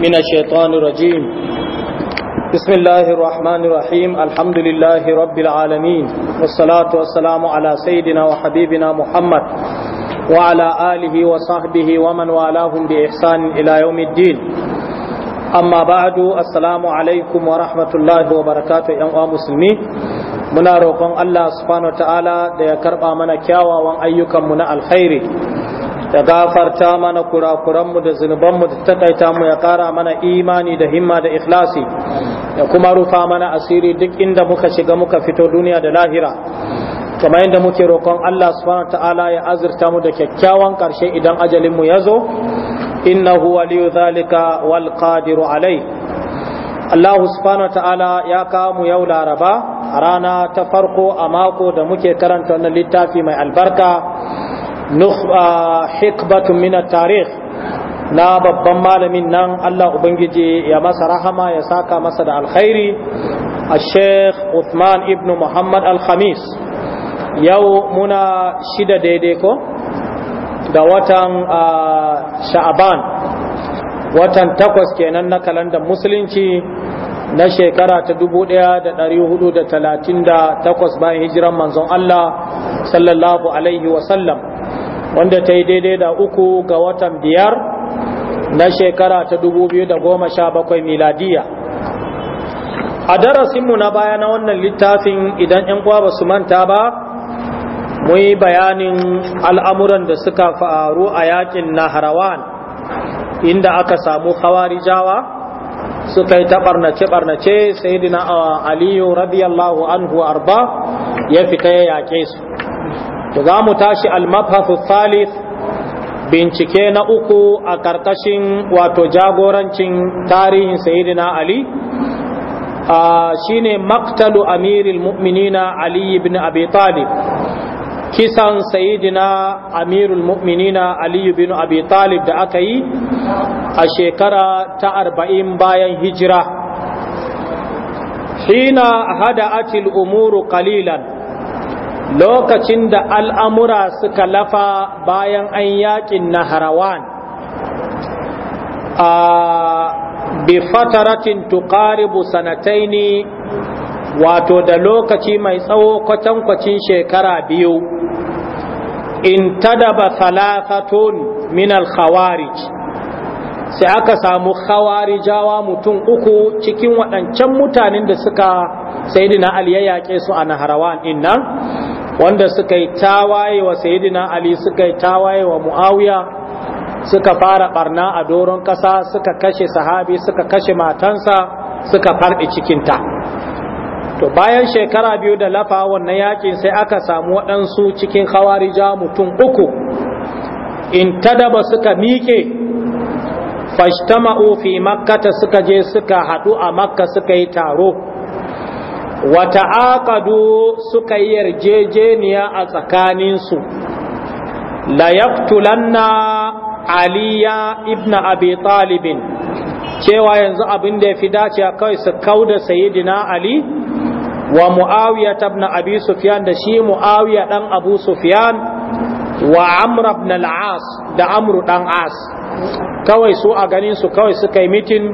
من الشيطان الرجيم بسم الله الرحمن الرحيم الحمد لله رب العالمين والصلاة والسلام على سيدنا وحبيبنا محمد وعلى آله وصحبه ومن والاهم بإحسان إلى يوم الدين أما بعد السلام عليكم ورحمة الله وبركاته يا مسلمين muna roƙon Allah subhanahu wa ta'ala da ya karɓa mana kyawawan ayyukanmu na alkhairi ya gafarta mana kurakuranmu da zunubanmu da takaita mu ya kara mana imani da himma da ikhlasi ya kuma rufa mana asiri duk inda muka shiga muka fito duniya da lahira kamar yadda muke roƙon Allah subhanahu ta'ala ya azurta mu da kyakkyawan ƙarshe idan ajalinmu ya zo innahu waliyu zalika wal qadiru alai Allah subhanahu ta'ala ya kawo mu yau laraba a rana ta farko a mako da muke karanta wannan littafi mai albarka hikbatun min tarikh na babban malamin nan Allah ubangiji ya masa rahama ya saka masa da alkhairi Uthman عثمان Muhammad al-khamis yau muna shida daidai ko da watan ah, sha'aban watan takwas kenan na kalandar musulunci na shekara ta takwas bayan hijiran manzon Allah sallallahu alaihi wasallam wanda ta yi daidai da uku ga watan biyar na shekara ta da goma sha bakwai miladiya a darasinmu na baya na wannan littafin idan 'yan uwa ba su manta ba mu yi bayanin al'amuran da suka faru a yakin naharawan inda aka samu jawa suka yi ta ɓarnace barnace sai dina aliyu radiyallahu anhu arba ya fita ya yake su za mu tashi almabhasu thalith bincike na uku a ƙarƙashin wato jagorancin tarihin sayidina ali shine maktalu amiril mu'minina ali ibn abi talib kisan sayidina amirul mu'minina ali ibn abi talib da aka yi a shekara ta arba'in bayan hijira hina atil umuru qalilan lokacin da al'amura suka lafa bayan an yakin na harawan a bifataratin sanatai sanataini wato da lokaci mai tsawo kwatankwacin shekara biyu in tadaba thalathatun min al-khawarij sai aka samu khawarijawa mutum uku cikin waɗancan mutanen da suka sayidina ali ya yaƙe su a naharawan din nan wanda suka yi tawaye wa sayidina ali suka yi tawaye wa muawiya suka fara barna a doron kasa suka kashe sahabi suka kashe matansa suka farɗi cikinta to bayan shekara biyu da lafa wannan yakin sai aka samu waɗansu cikin hawarija mutum uku in tadaba suka miƙe fashtama'u fi makkata suka je suka haɗu a makka suka yi taro wata aqadu suka yi yarjejeniya a tsakaninsu la yaqtulanna aliya ibn abi talibin cewa yanzu abin da ya fi dacewa kawai su kauda sayidina ali wa muawiya ibn abi sufyan da shi muawiya dan abu sufyan wa amr ibn al-as da amru dan as kawai su a ganin su kawai suka yi mitin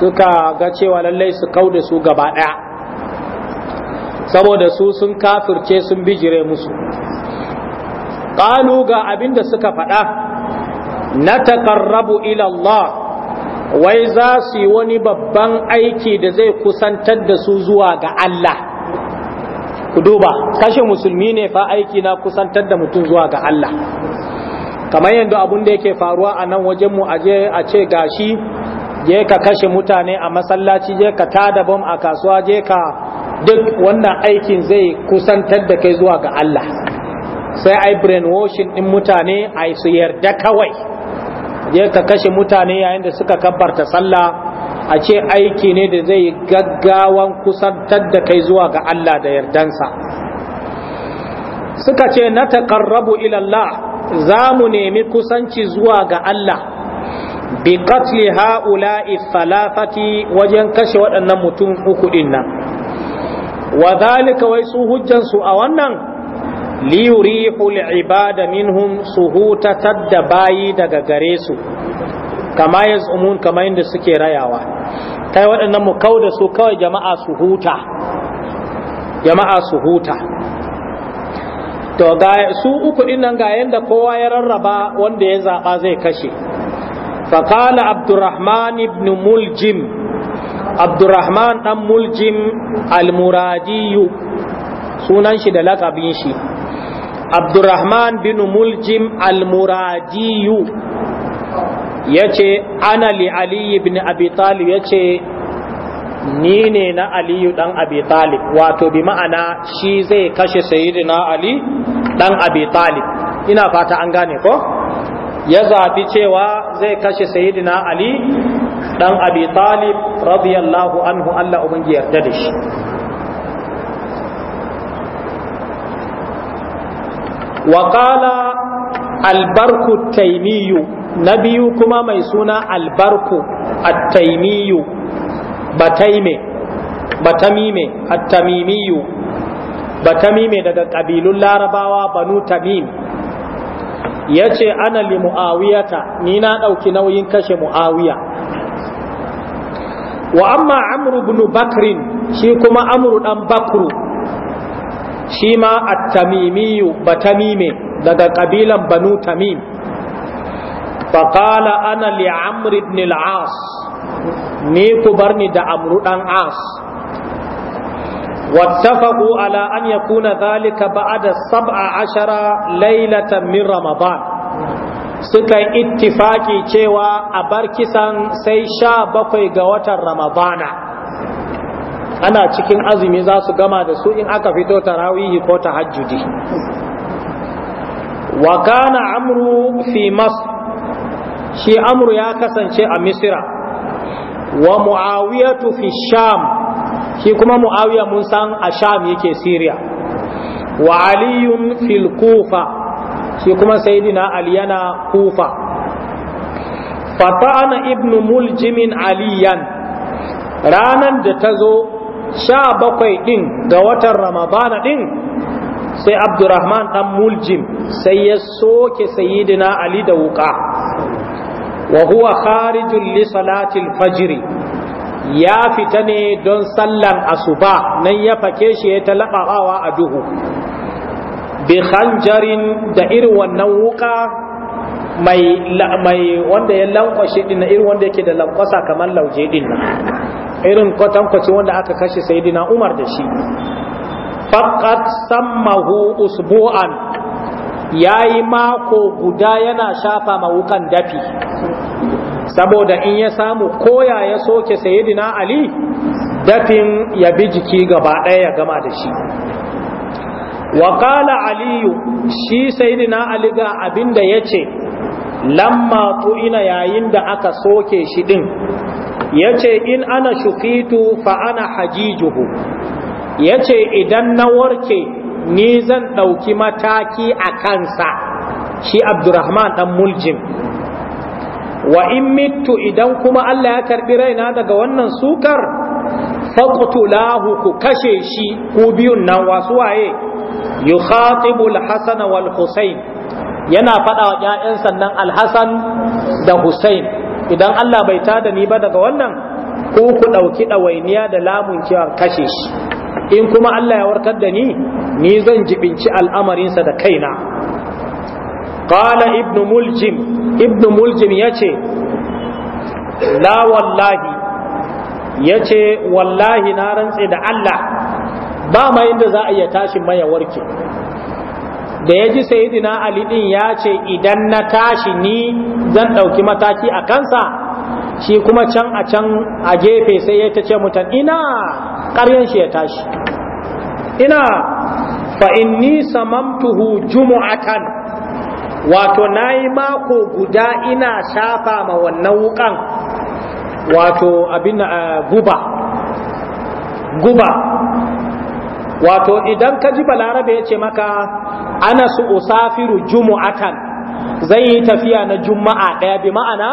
suka ga cewa lallai su kauda su gaba daya saboda su sun kafirce sun bijire musu ƙalu ga abin da suka faɗa na taƙarrabu ilallah wai za su yi wani babban aiki da zai kusantar da su zuwa ga Allah ku duba kashe musulmi ne fa aiki na kusantar da mutum zuwa ga Allah kamar yadda abin da yake faruwa a nan wajenmu a ce gashi je ka kashe mutane a masallaci je ka tada bom a kasuwa je ka duk wannan aikin zai kusantar da kai zuwa ga Allah sai ai woshin din mutane ai su yarda kawai je ka kashe mutane yayin da suka kabbarta sallah a ce aiki ne da zai gaggawan kusantar da kai zuwa ga Allah da yardansa suka ce na taqarrabu ila Allah za mu nemi kusanci zuwa ga Allah bi qatli ha'ula'i salafati wajen kashe waɗannan mutum uku ɗin nan wa zalika wai su hujjansu a wannan liyurihul ibada minhum su hutatar da bayi daga gare su kama ya tsumun kama yadda suke rayawa ta yi waɗannan mu kauda su kawai jama'a su huta jama'a su huta to ga su uku dinnan ga yadda kowa ya rarraba wanda ya zaɓa zai kashe faƙala abdurrahman ibn muljim abdurrahman dan muljim almuradiyu sunan shi da lakabin shi abdurrahman bin muljim almuradiyu ya ce ana li aliyu bin abi talib ya ce ni ne na aliyu dan abi talib wato bi ma'ana shi zai kashe sayidina ali dan abi talib ina fata an gane ko ya zaɓi cewa zai kashe sayidina ali dan abi talib radiyallahu anhu Allah ubangi yarda da shi wa qala albarku taimiyu na biyu kuma mai suna albarku attaimiyu bataime batamime batamime daga ƙabilun larabawa banu tamim ya ce ana li mu'awiyata ni na ɗauki nauyin kashe mu'awiya wa amma amru ibn bakrin shi kuma amru dan bakru shi ma at-tamimiyu batamime daga kabilan banu tamim faqala ana li amr ibn al-as ni ku barni da amru dan as واتفقوا على أن يكون ذلك بعد سبع عشر ليلة من رمضان suka ittifaki cewa a bar kisan sai sha bakwai ga watan ramadana ana cikin azumi za su gama da su in aka fito tarawihi ko ta hajjudi wa kana amru fi shi amru ya kasance a misira wa muawiyatu fi sham shi kuma muawiya mun san a sham yake siriya wa aliyun Filkufa. shi kuma sayyidina ali yana kufa ana ibnu muljimin aliyan ranan da ta zo sha bakwai din ga watan ramadana din, sai abdurrahman ɗan muljim sai ya soke sayidina ali da wuƙa wa huwa kharijul li salatil fajiri ya fita ne don sallan asuba nan ya fake shi ya talabawa a duhu bi khanjarin da irin wannan wuka mai mai wanda ya lankwashe din na irin wanda yake da lankwasa kamar lauje din na irin kwatankwacin wanda aka kashe sayyidina Umar da shi faqat sammahu usbu'an yayi mako guda yana shafa ma wukan dafi saboda in ya samu koya ya soke sayyidina Ali dafin ya bi jiki gaba ɗaya ya gama da shi wa kala aliyu shi sai aliga ali ga abinda ce lamma tu'ina yayin da aka soke shi din Ya ce in ana shukitu fa ana hajijuhu ce idan na warke ni zan ɗauki mataki a kansa shi abdurrahman dan muljin. wa in mitu idan kuma Allah ya karbi raina daga wannan sukar faqtulahu ku kashe shi ku biyun nan wasu waye yukhatibu al-hasan yana faɗa wa ƴaƴan sannan al da husain idan Allah bai tada ni ba daga wannan ko ku ɗauki ɗawainiya da lamun cewa kashe shi in kuma Allah ya warkar da ni ni zan jibinci al'amarinsa da kaina qala ibnu muljim ibnu muljim yace la wallahi yace wallahi na rantse da Allah ba ma inda za a iya tashin maya warke da ya ji sayidina ali din ya ce idan na tashi ni zan ɗauki mataki a kansa shi kuma can a can a gefe sai ya ta ce mutan ina ƙaryan shi ya tashi ina fa inni samamtuhu jumu'atan wato nayi mako guda ina shafa ma wannan wukan wato abin eh, guba guba wato idan ka ji balarabe ya ce maka ana su usafiru jumu'atan zai yi tafiya na juma'a ɗaya bi ma'ana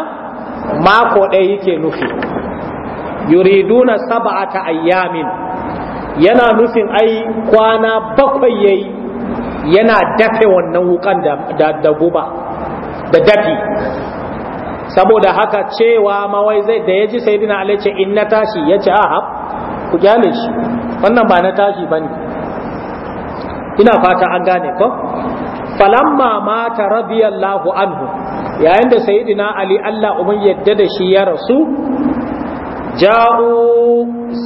mako ɗaya yake nufi yuriduna saba'ata ayyamin yana nufin ai kwana bakwai yayi yana dafe wannan wukan da guba da dafi saboda haka cewa mawai zai da ya ji saidina dina ce in na tashi yace a'a ku kyale shi wannan ba na tashi bane ina fata an gane ko falamma mata radiyallahu anhu yayin da sayyidina ali Allah uban yadda da shi ya rasu ja'u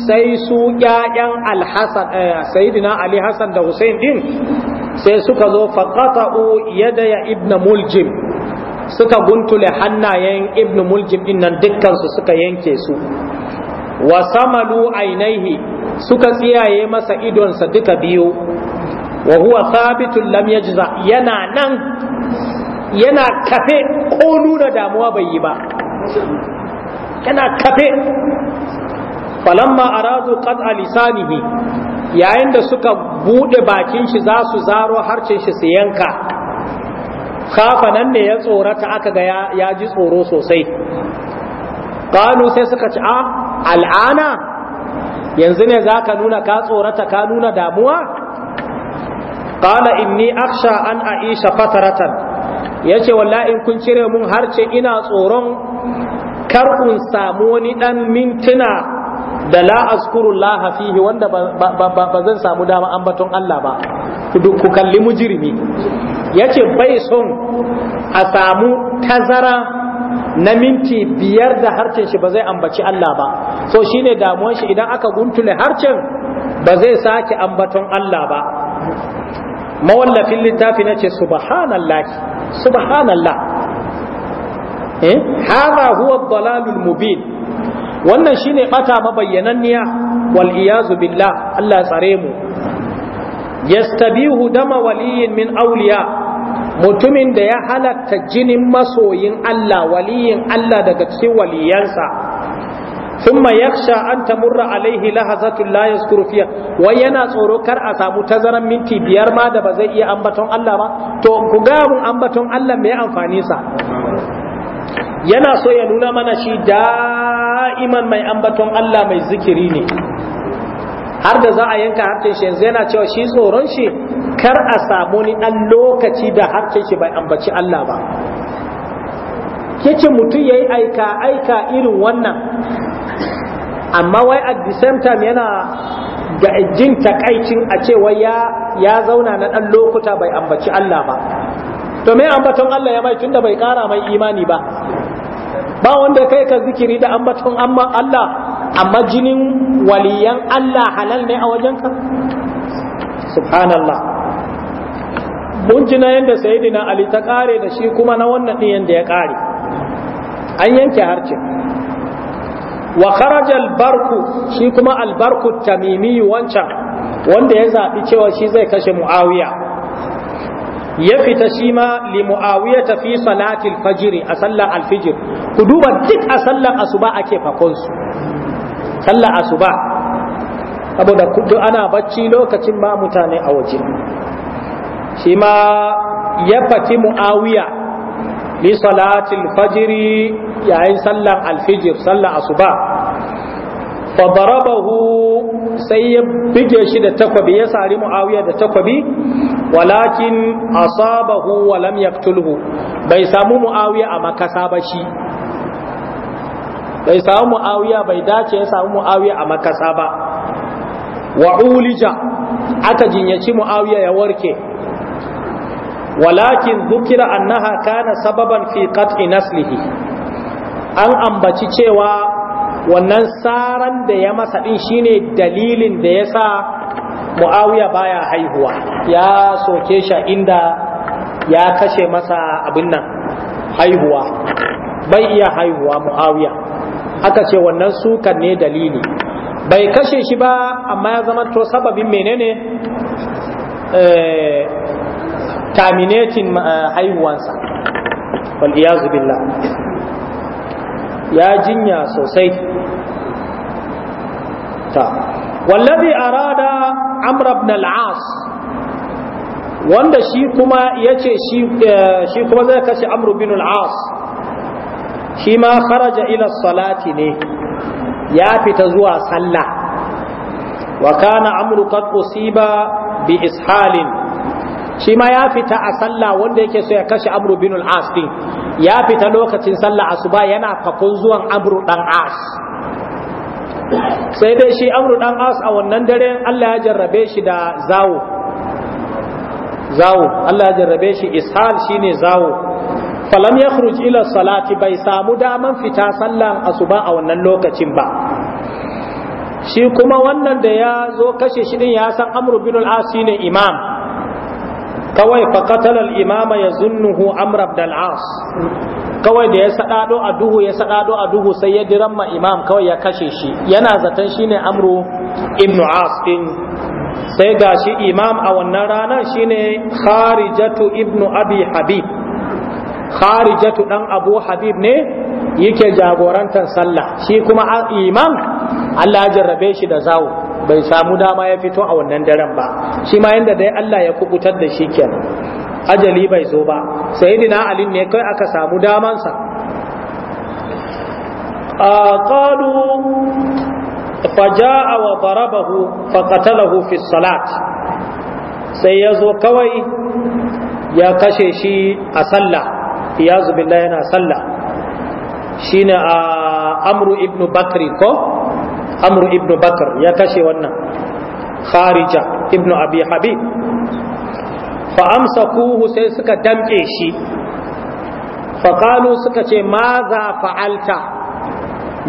sai su ƴaƴan alhasan eh, sayyidina ali hasan da Hussein din sai suka zo faqata'u yadaya ibn muljim suka guntule hannayen ibn muljim din nan dukkan su suka yanke su wa samalu ainihi suka tsiyaye masa idonsa duka biyu wa huwa thabitun lam yajza yana nan yana kafe ko nuna damuwa bai yi ba yana kafe falamma aradu qat'a alisanihi yayin da suka bude bakin shi za su zaro harcin shi su yanka kafa nan ne ya tsorata aka ga ya ji tsoro sosai qalu sai suka ci a ah, al'ana yanzu ne za ka nuna ka tsorata ka nuna damuwa ƙala inni aksha an aisha fataratan ya ce in kun cire mun harce ina tsoron karkun samu wani ɗan mintuna da la azkurullah wanda ba zan samu dama ambaton Allah ba ku kalli Ya yace bai son a samu tazara na minti biyar da harshen shi ba zai ambaci Allah ba so shine damuwan shi idan aka guntule harshen ba zai sake ambaton Allah ba mawallafin littafi na ce subhanallah subhanallah eh hada huwa dalalul mubin wannan shine bata mabayyananniya wal iyazu billah Allah tsare mu yastabihu dama waliyin min awliya mutumin da ya halatta jinin masoyin Allah waliyin Allah daga cikin waliyansa thumma yakhsha an tamurra alaihi lahazatun la yazkuru fiya. wai yana tsoro kar a samu tazaran minti biyar ma da ba zai iya ambaton Allah ba to ku ga mun ambaton Allah mai amfani sa yana so ya nuna mana shi da'iman mai ambaton Allah mai zikiri ne har da za a yanka harkin shi yanzu yana cewa shi tsoron shi kar a samu ni ɗan lokaci da harcen shi bai ambaci Allah ba kicin mutum yayi aika aika irin wannan amma wai at the same time yana ga jin takaicin a ce ya ya zauna na ɗan lokuta bai ambaci Allah ba to me ambaton Allah ya mai tunda bai kara mai imani ba ba wanda kai ka zikiri da ambaton amma Allah amma jinin waliyan Allah halal ne a wajenka subhanallah mun ji na yadda sayyidina ali ta kare da shi kuma na wannan din yanda ya kare an yanke harcin wa kharaja albarku shi kuma albarku tamimi wancan wanda ya zabi cewa shi zai kashe muawiya ya fita shi ma li muawiya ta fi salatil fajr a sallar alfijir ku duba duk a sallar asuba ake fakon su sallar asuba saboda duk ana bacci lokacin ba mutane a waje shi ma ya faci mu'awiya ni salatil fajiri yayin sallar alfijir sallar asuba fa darabahu sai ya bige shi da takwabi ya sari mu'awiya da takwabi walakin asabahu wa lam yaqtulhu bai samu mu'awiya a makasa ba shi bai samu mu'awiya bai dace ya samu mu'awiya a makasa ba wa ulija aka jinyaci mu'awiya ya warke walakin zukira annaha kana sababan fi qat'i naslihi an ambaci cewa wannan saran da ya masa din shine dalilin da yasa muawiya baya haihuwa ya soke shi inda ya kashe masa abin nan haihuwa bai iya haihuwa muawiya aka ce wannan sukan ne dalili bai kashe shi ba amma ya zama to sababin menene eh, terminating uh, haihuwansa wal iyazu ya jinya sosai ta wallazi arada amr ibn al-as wanda shi kuma yace shi eh, shi kuma zai kashe amr ibn al-as shi ma kharaja ila salati ne ya fita zuwa sallah wa kana amru qad usiba bi ishalin shi ma ya fita a sallah wanda yake so ya kashe amru bin al-as din ya fita lokacin sallah asuba yana fakon zuwan amru dan as sai dai shi amru dan as a wannan dare Allah ya jarrabe shi da zawo zawo Allah ya jarrabe shi ishal shine zawo falam yakhruj ila salati bai samu daman fita sallah asuba a wannan lokacin ba shi kuma wannan da ya zo kashe shi din ya san amru bin al-as shine imam kawai faƙatar imama ya zunnuhu amr abdal'as kawai da ya saɗaɗo a duhu ya saɗaɗo a duhu sai ya diran ma imam kawai ya kashe shi yana zaton shi ne amru ibn as ɗin sai ga shi imam a wannan ranar shi ne kharijatu ibn abi habib kharijatu ɗan abu habib ne yake jagorantar sallah shi kuma imam allah ya jarrabe shi da zawo bai samu dama ya fito a wannan daren ba shi ma yanda dai Allah ya kubutar da shi kenan ajali bai zo ba sayyidina ali ne kai aka samu damansa a qalu faja'a wa darabahu qatalahu fi salat sai ya zo kawai ya kashe shi a sallah iyazu billahi yana sallah shine a amru ibnu bakri ko amru Ibn bakar ya kashe wannan kharija Ibn abi habib fa amsakuhu sai suka damƙe shi fa qalu suka ce ma za fa'alta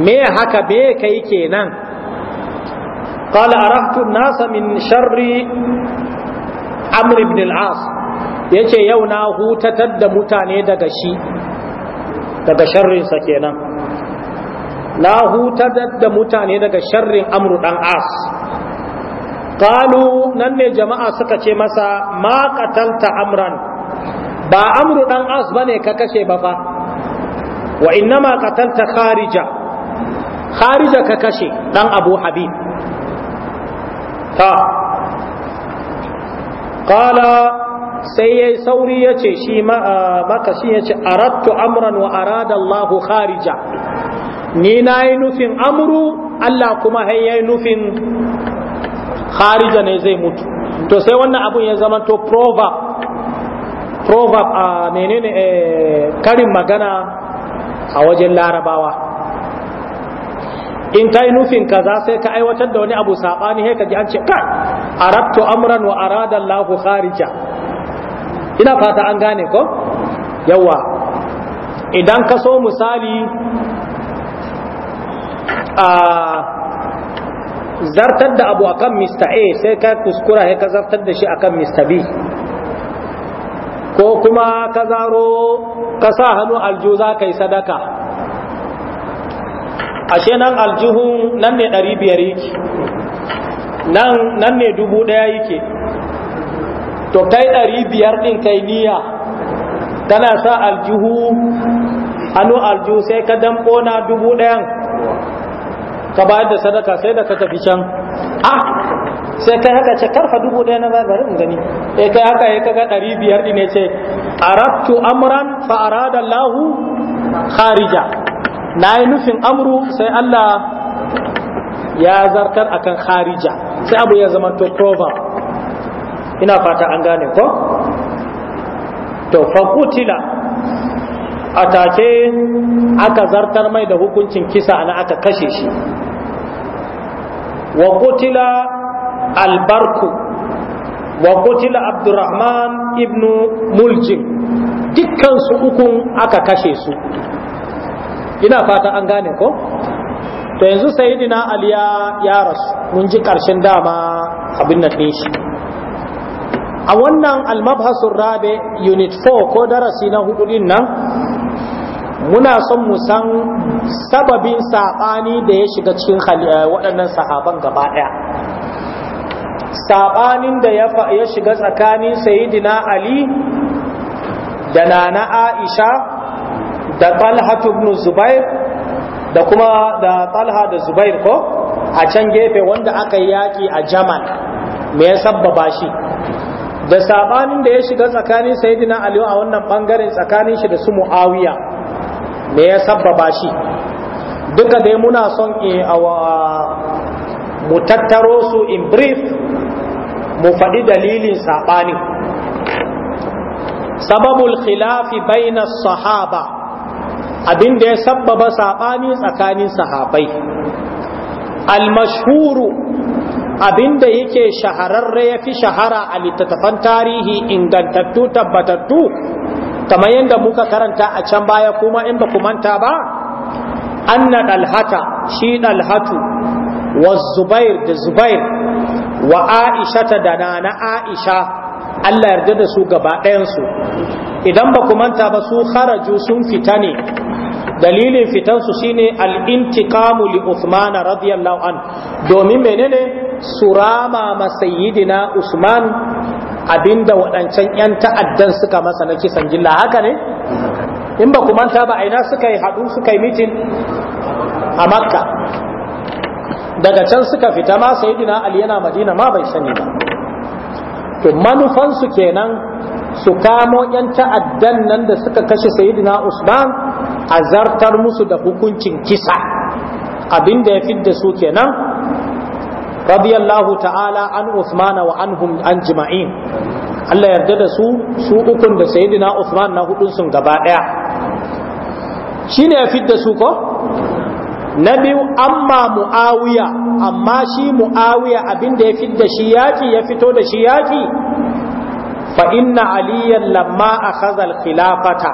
me haka be kai kenan qala arahtu nasa min sharri amr ibn al-as yace yau na hutatar da mutane daga shi daga sharrinsa kenan na hutar da mutane daga sharrin amru dan as qalu nan ne jama'a suka ce masa ma amran ba amru dan as bane ka kashe ba fa wa innama qatalta kharija kharija ka kashe dan abu habib ta Kala sai ya yi sauri ya ce shi makashi ya ce arattu amran wa arada Allahu kharija ni na yi nufin amuru Allah kuma hai ya yi nufin kharija ne zai mutu to sai wannan abun ya zama to proverb proverb a menene eh, karin magana a wajen larabawa in kai nufin kaza sai ka aiwatar da wani abu sabani sai ka ji an ce kai arabtu amran wa arada Allahu kharija ina fata an gane ko yawa idan ka so misali zartar da abu akan Mr. A sai ka kuskura sai ka zartar da shi akan Mr. B ko kuma ka zaro ka sa hannu aljihu za ka yi sadaka ashe nan aljihu nan ne dari biyar yake nan ne dubu ɗaya yake to kai dari biyar ɗin kai niyya tana sa aljihu hannu aljihu sai ka damƙo na dubu ɗayan ka bayar da sadaka sai da ka tafi can a ah, sai kai haka ce karfa dubu ɗaya na bari in gani e kai haka ya kaga ɗari biyar ɗin ne ce arabtu amran fa arada lahu kharija na yi nufin amru sai Allah ya zartar akan kharija sai abu ya zama to prova ina fata an gane ko to a take aka zartar mai da hukuncin kisa ana aka kashe shi wa kutila albarku wa kutila abdurrahman ibnu muljim dukkansu hukun aka kashe su ina fata an gane ko to yanzu sayidina ali ya rasu mun ji karshen dama abin nan shi a wannan almabhasun rabe unit 4 ko darasi na hudu din nan muna son mu san sababin saɓani da ya shiga cikin eh, waɗannan sahaban gaba ɗaya saɓanin da ya shiga tsakanin sayidina ali da nana aisha da talha ibn zubair da kuma da talha da zubair ko a can gefe wanda aka yi yaƙi a jamal me ya sabbaba shi da saɓanin da ya shiga tsakanin sayidina ali a wannan ɓangaren tsakanin shi da su mu'awiya me ya sabbaba shi duka dai muna son mu tattaro su in brief mu faɗi dalilin saɓani sababul khilafi baina sahaba abin da ya sabbaba saɓani tsakanin sahabai almashhuru abin da yake shahararre ya fi shahara a littattafan tarihi ingantattu tabbatattu kamar yadda muka karanta a can baya kuma in ba ku manta ba anna dalhata shi dalhatu wa zubair da zubair wa aisha ta da nana aisha Allah yarda da su gaba ɗayansu idan ba ku manta ba su haraju sun fita ne dalilin fitansu shine al-intiqamu li Uthman radiyallahu an domin menene su ma sayyidina Usman abinda waɗancan 'yan ta'addan suka masa na kisan jilla haka ne in ba manta ba aina suka yi haɗu suka yi mitin a makka daga can suka fita ma sai ali yana madina ma bai sani ba to manufansu kenan su kamo 'yan ta'addan nan da suka kashe sayidina usman a zartar musu da hukuncin kisa abin da ya fidda su kenan radiyallahu ta'ala an Usman wa anhum an jima'in Allah yarda da su su ukun da sayyidina usman na hudun sun gaba daya shine ya fidda su ko na biyu amma muawiya amma shi muawiya abinda ya fidda shi yaki ya fito da shi yaki fa inna aliyan lamma akhadha al-khilafata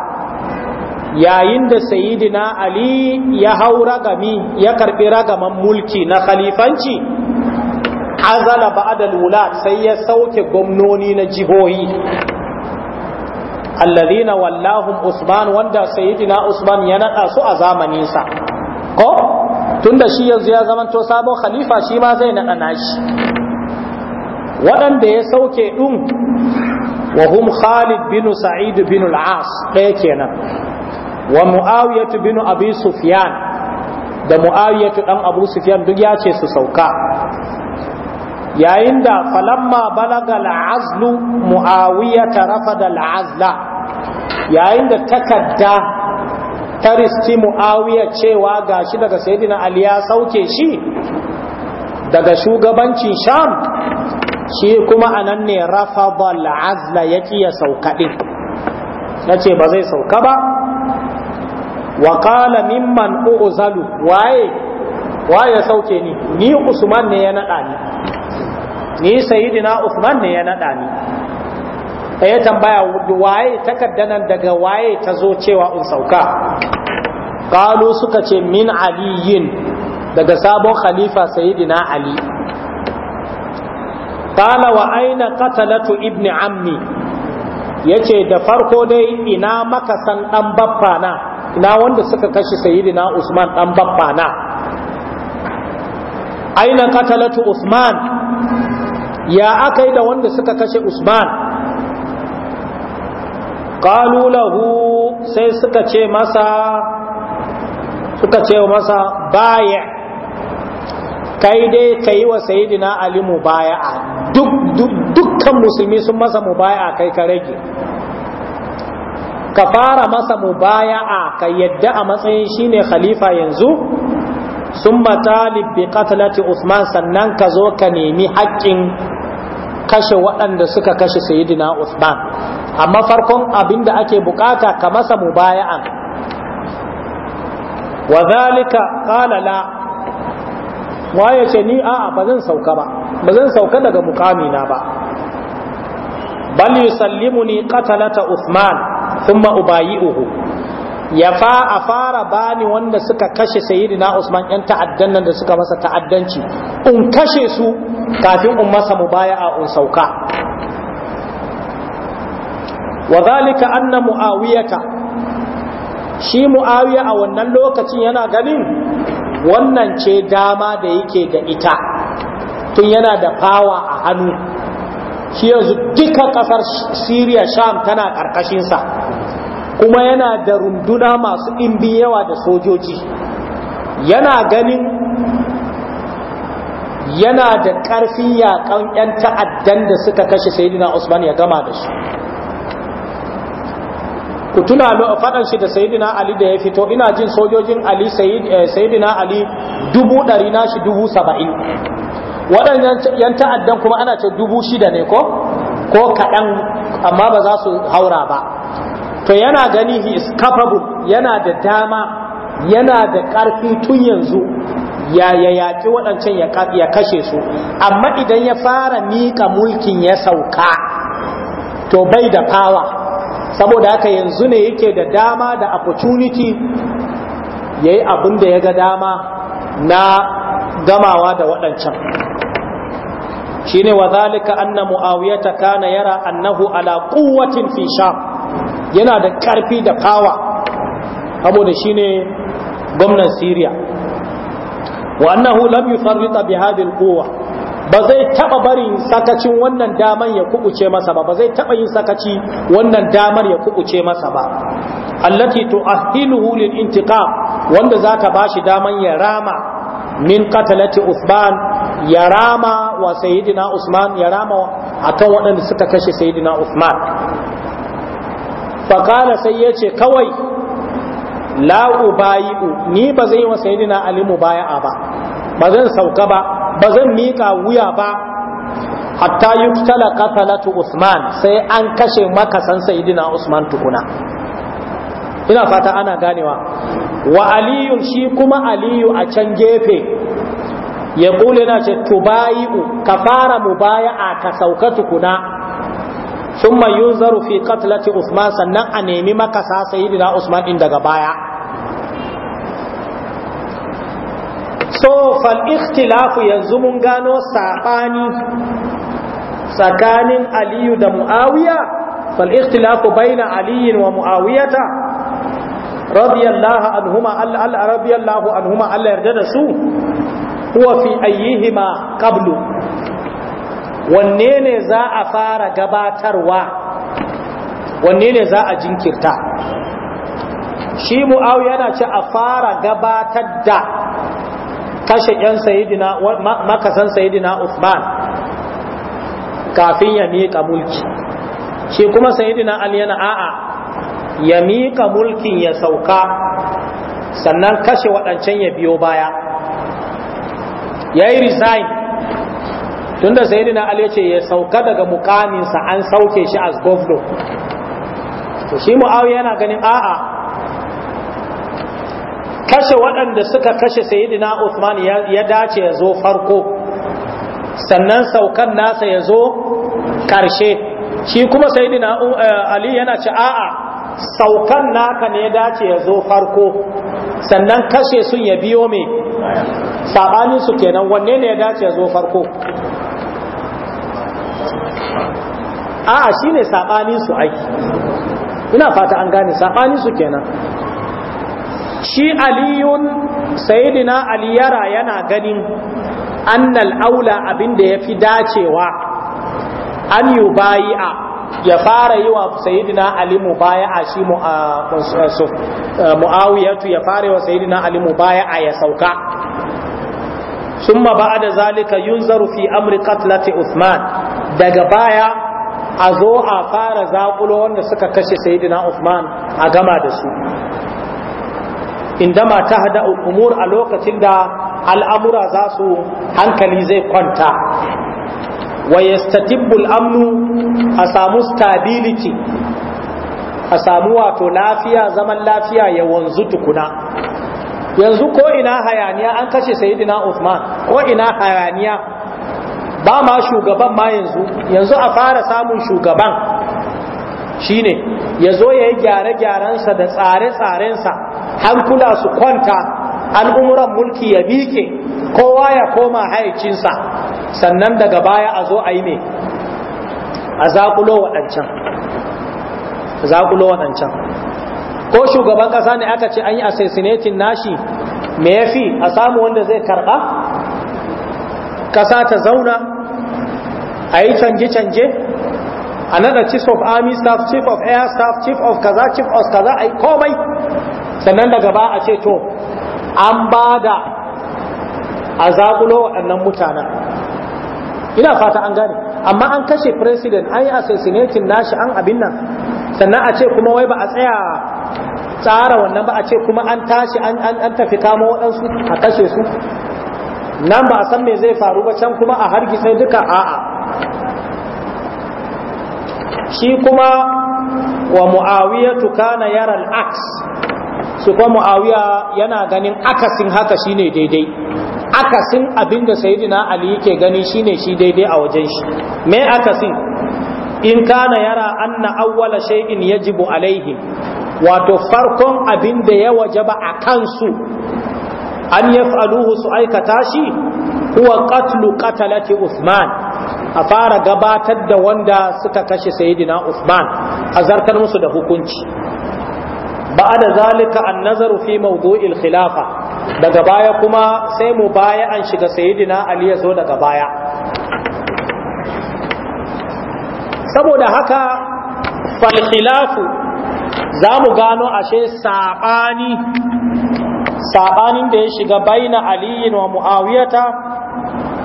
yayin da sayidina ali ya hau ragami ya karɓi ragaman mulki na khalifanci azala ba'dal wulat sai ya sauke gwamnoni na jihohi alladhina wallahum usman wanda sayyidina usman ya nada su a zamanin sa ko tunda shi yanzu ya zamanto sabon khalifa shi ma zai nada nashi waɗanda ya sauke ɗin wa hum khalid bin sa'id bin al-as ɗaya kenan wa muawiyatu bin abi sufyan da muawiyatu dan abu sufyan duk ya ce su sauka yayin da falamma balaga al'azlu muawiya da al'azla yayin da takadda ta riski muawiya cewa gashi daga sayyidina ali ya sauke shi daga shugabancin sham shi kuma anan ne rafada al'azla yaki ya sauka din nace ba zai sauka ba wa qala mimman uzalu waye waye sauke ni ni usman ne ya nada ni ni sayidina Uthman ne ya naɗa ni ya tambaya waye takaddanan daga waye ta zo cewa in sauka kalu suka ce min aliyin daga sabon khalifa sayidina ali kala wa aina qatalatu ibni ammi yace da farko dai ina maka san dan baffa ina wanda suka kashe sayidina usman dan baffa na aina qatalatu usman ya aka yi da wanda suka kashe usman qalu lahu sai suka ce masa suka ce masa baya kai dai ka yi wa sayidina ali baya a dukkan musulmi sun masa mu mubaya'a kai ka rage ka fara masa mu mubaya'a ka yadda a matsayin shine khalifa yanzu Sun talib bi katalati Usman sannan ka zo ka nemi haƙƙin kashe waɗanda suka kashe sayidina Usman amma farkon abinda ake bukata ka masa baya'an. wa zalika ƙalala. waye ce ni a'a ba zan sauka ba ba zan sauka daga mukamina ba bal yusallimuni katalata Usman thumma ubayi'uhu ya fa a fara bani wanda suka kashe sayyidina Usman yan ta'addan nan da suka masa ta'addanci in kashe su kafin in masa a in sauka wa zalika anna muawiyata shi muawiya a wannan lokacin yana ganin wannan ce dama da yake da ita tun yana da fawa a hannu shi yanzu duka kasar Syria Sham tana karkashin sa kuma yana da runduna masu ɗimbi yawa da sojoji yana ganin yana da ƙarfin yaƙan 'yan ta'addan da suka kashe sayidina usman ya gama da su ku tuna faɗan shi da sayidina ali da ya fito ina jin sojojin ali sayidina eh, ali dubu ɗari shi dubu saba'in waɗannan 'yan ta'addan kuma ana ce dubu shida ne ko ko kaɗan amma ba za su haura ba to yana gani he is capable yana da dama yana da ƙarfi tun yanzu ya yaƙi waɗancan ya kashe su amma idan ya fara miƙa mulkin ya sauka to bai da fawa saboda haka yanzu ne yake da dama da opportunity ya yi abin da ya ga dama na gamawa da waɗancan shine wa zalika anna mu'awiyata kana yara annahu ala quwwatin fi sha yana da karfi da fawa saboda ne gwamnan Siriya. wa annahu lam yufarrita bi hadhihi ba zai taba barin sakacin wannan damar ya kubuce masa ba ba zai taba yin sakaci wannan damar ya kubuce masa ba allati tu'ahhiluhu lil intiqam wanda zata bashi daman ya rama min katalati usman ya rama wa sayyidina usman ya rama akan waɗanda suka kashe sayyidina usman faƙala sai ya ce kawai la'u u ni ba zai wa saidina ali mubaya'a ba ba zan sauka ba ba zan miƙa wuya ba hatta yuktala tu usman sai an kashe makasan sayidina usman tukuna ina fata ana ganewa wa Aliyu shi kuma aliyu a can gefe ya kule na ce tubayi'u ka fara mu mubaya'a ka sauka tukuna thumma yunzaru fi qatlati Usman sannan a nemi makasa sayyidina Usman din daga baya so fal ikhtilafu yanzu mun gano sabani tsakanin Aliyu da Muawiya fal ikhtilafu baina Aliyin wa Muawiyata radiyallahu anhuma Allah anhuma Allah yarda da su huwa fi ayyihima qablu wanne ne za a fara gabatarwa wanne ne za a jinkirta shi mu'awu yana ce a fara gabatar da kashe yan sayidina makasan sayidina Usman kafin ya miƙa mulki shi kuma sayidina Ali yana a'a ya mika mulkin ya sauka sannan kashe waɗancan ya biyo baya ya yi resign tunda sayyidina ali yace ya sauka daga sa an sauke shi as governor to shi muawiya yana ganin a'a kashe waɗanda suka kashe sayyidina usman ya dace ya zo farko sannan saukan nasa ya zo ƙarshe shi kuma sayyidina eh, ali yana ce a'a saukan naka ne ya dace ya zo farko sannan kashe sun ya biyo me saɓaninsu kenan wanne ne ya dace ya zo farko a'a ne saɓani su aiki ina fata an gane saɓani su kenan shi aliyun sayyidina ali yara yana ganin annal aula abinda ya fi dacewa an a ya fara yi wa sayyidina ali a shi muawiyatu ya fara yi wa sayyidina ali a ya sauka summa da zalika yunzaru fi amri qatlati uthman daga baya a zo a fara zaƙulo wanda suka kashe sayidina Uthman a gama da su indama ta hada umur a lokacin da al'amura za su hankali zai kwanta wa yastatibbul amnu a samu stability a samu wato lafiya zaman lafiya ya wanzu tukuna yanzu ko ina hayaniya an kashe sayidina Uthman ko ina hayaniya ba ma shugaban ma yanzu yanzu a fara samun shugaban shine ya zo ya yi gyare-gyarensa da tsare-tsarensa kula su kwanta al'umuran mulki ya miƙe kowa ya koma haicinsa sannan daga baya a zo a yi ne a zaƙulo waɗancan zaƙulo waɗancan ko shugaban ƙasa ne aka ce an yi assassinating nashi me ya fi a samu wanda zai karɓa ƙasa ta zauna a yi canje-canje a nada chief of army staff chief of air staff chief of kaza chief of kaza a komai sannan daga ba a ce to an ba da a zaƙulo waɗannan mutanen ina fata an gane amma an kashe president an yi assassinating nashi an abin nan sannan a ce kuma wai ba a tsaya tsara wannan ba a ce kuma an tashi an tafi kama waɗansu a kashe su nan ba a san me zai faru ba can kuma a hargitse duka a'a shi kuma wa mu'awiyatu kana yara al-aks su kuma mu'awiya yana ganin akasin haka shine daidai akasin abinda sayyidina ali yake gani shine shi daidai a wajen shi me akasin in kana yara anna awwala shay'in yajibu alaihi wato farkon abin da ya wajaba a kansu an yaf'aluhu su aikata shi huwa qatlu qatalati Usman. a fara gabatar da wanda suka kashe sayidina Usman a zartar musu da hukunci ba'a da zalika an-nazaru fi mawdu'il khilafa daga baya kuma sai mu baya an shiga sayidina Ali ya zo daga baya saboda haka fal khilafu za mu gano ashe sabani sabanin da ya shiga baina aliyin wa muawiyata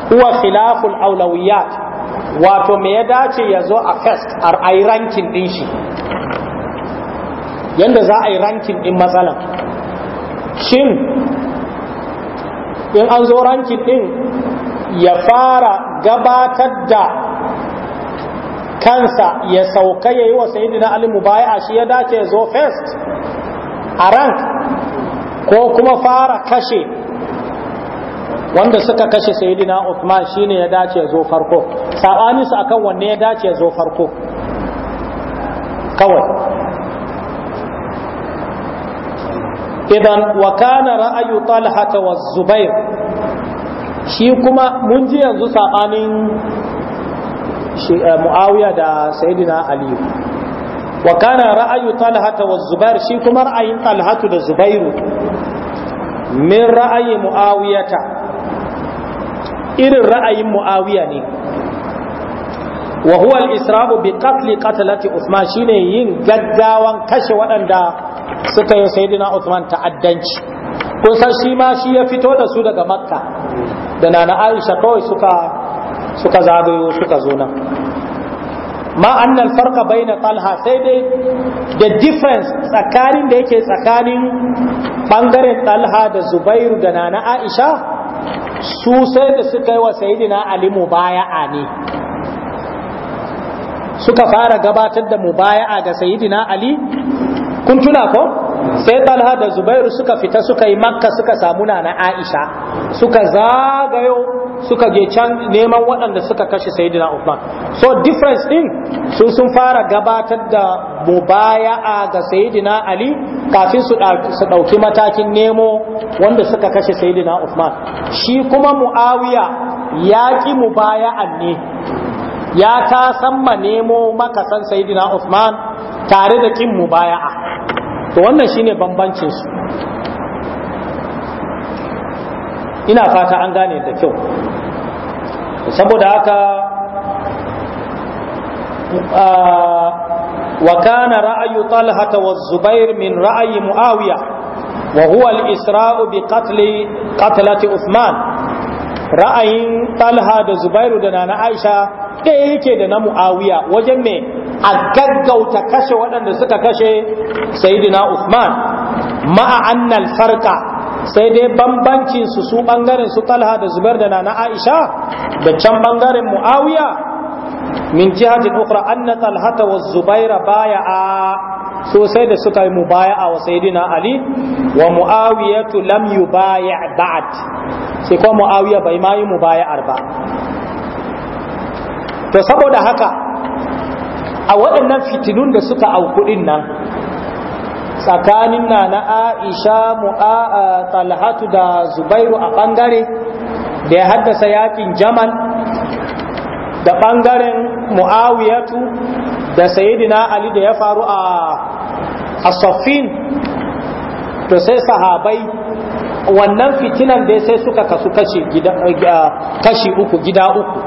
huwa khilaful aulawiyyat wato me ya dace ya zo a first a yi rankin din shi yadda za a yi rankin din matsalan shin in an zo rankin din ya fara gabatar da kansa ya sauka ya yi wa sayidina ali a shi ya dace ya zo first a rank ko kuma fara kashe wanda suka kashe sayyidina Uthman shine ya dace zo farko sabani su akan wanne ya dace zo farko kawai idan wa kana ra'ayu talha wa zubair shi kuma mun ji yanzu sabanin eh, muawiya da sayyidina ali wa kana ra'ayu talha wa zubair shi kuma ra'ayin talha da zubairu min ra'ayi muawiyata irin ra'ayin muawiya ne wa huwa al-isra'u bi qatl qatlati usman shine yin gaggawan kashe waɗanda suka yi sayyidina Usman ta'addanci kun san shi ma shi ya fito da su daga Makka da nana Aisha kawai suka suka zagayo suka zo nan ma anna al-farqa bayna Talha sai dai the difference tsakanin da yake tsakanin bangaren Talha da Zubairu da nana Aisha su sai da suka yi wa sayidina ali mubaya'a ne suka fara gabatar da mubaya'a ga sayidina ali kun tuna ko sai talha da zubairu suka fita suka yi makka suka samu na aisha suka zagayo suka je can neman waɗanda suka kashe Saidina Uthman so difference din su sun fara gabatar da mubaya'a ga Saidina Ali kafin su ɗauki matakin nemo wanda suka kashe Saidina Uthman shi kuma Muawiya ya ki mubaya'an ne ya ta samma nemo makasan Saidina Uthman tare da kin mubaya'a to wannan shine bambancin su ina fata an gane da kyau saboda haka wa kana ra'ayu talha wa zubair min ra'ayi muawiya wa huwa al-isra'u bi qatli qatlati uthman ra'ayin talha da zubairu da nana aisha ɗaya yake da na muawiya wajen me a gaggauta kashe waɗanda suka kashe sayyidina uthman ma'a annal farka. sai dai bambancin su su bangaren su talha da zubair da nana aisha da can bangaren muawiya min jihatin ukra anna talhata wa zubaira baya'a sosai da suka yi mubaya'a wa sayyidina ali wa muawiyatu lam yubaya' ba'd sai ko muawiya bai ma yi mubaya'ar ba to saboda haka a waɗannan fitinun da suka auku nan tsakanin na na aisha mu'a talhatu da zubairu a ɓangare da ya haddasa yakin jamal da ɓangaren mu'awiyatu da sayidina ali da ya faru a asafin to sai sahabai wannan fitinan da sai suka kasu kashi uku gida uku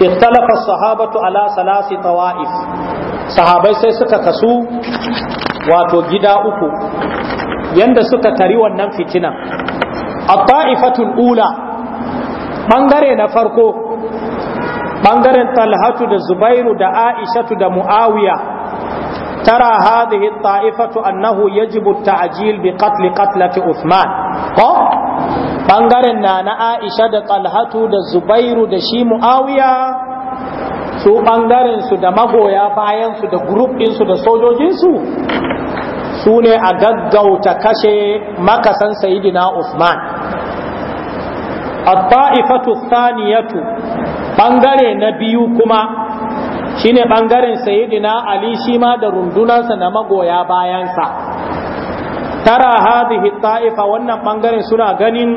اختلف الصحابة على ثلاث طوائف sahabai sai suka kasu wato gida uku yanda suka tari wannan fitina a ta'ifatul ula ɓangare na farko ɓangaren talhatu da zubairu da aishatu da mu'awiya tara hadhihi ta'ifatu annahu yajibu ta'jil bi qatl qatlati uthman ko ɓangaren na na aisha da talhatu da zubairu da shi mu'awiya su ɓangarensu da magoya bayansu da ɗinsu da sojojinsu su ne a gaggauta kashe makasan sayidina Usman. at-ta'ifatu thaniyatu ɓangare na biyu kuma shine ɓangaren sayidina Ali shi ma da rundunansa na magoya bayansa. Tara hadhihi ta'ifa wannan bangaren suna ganin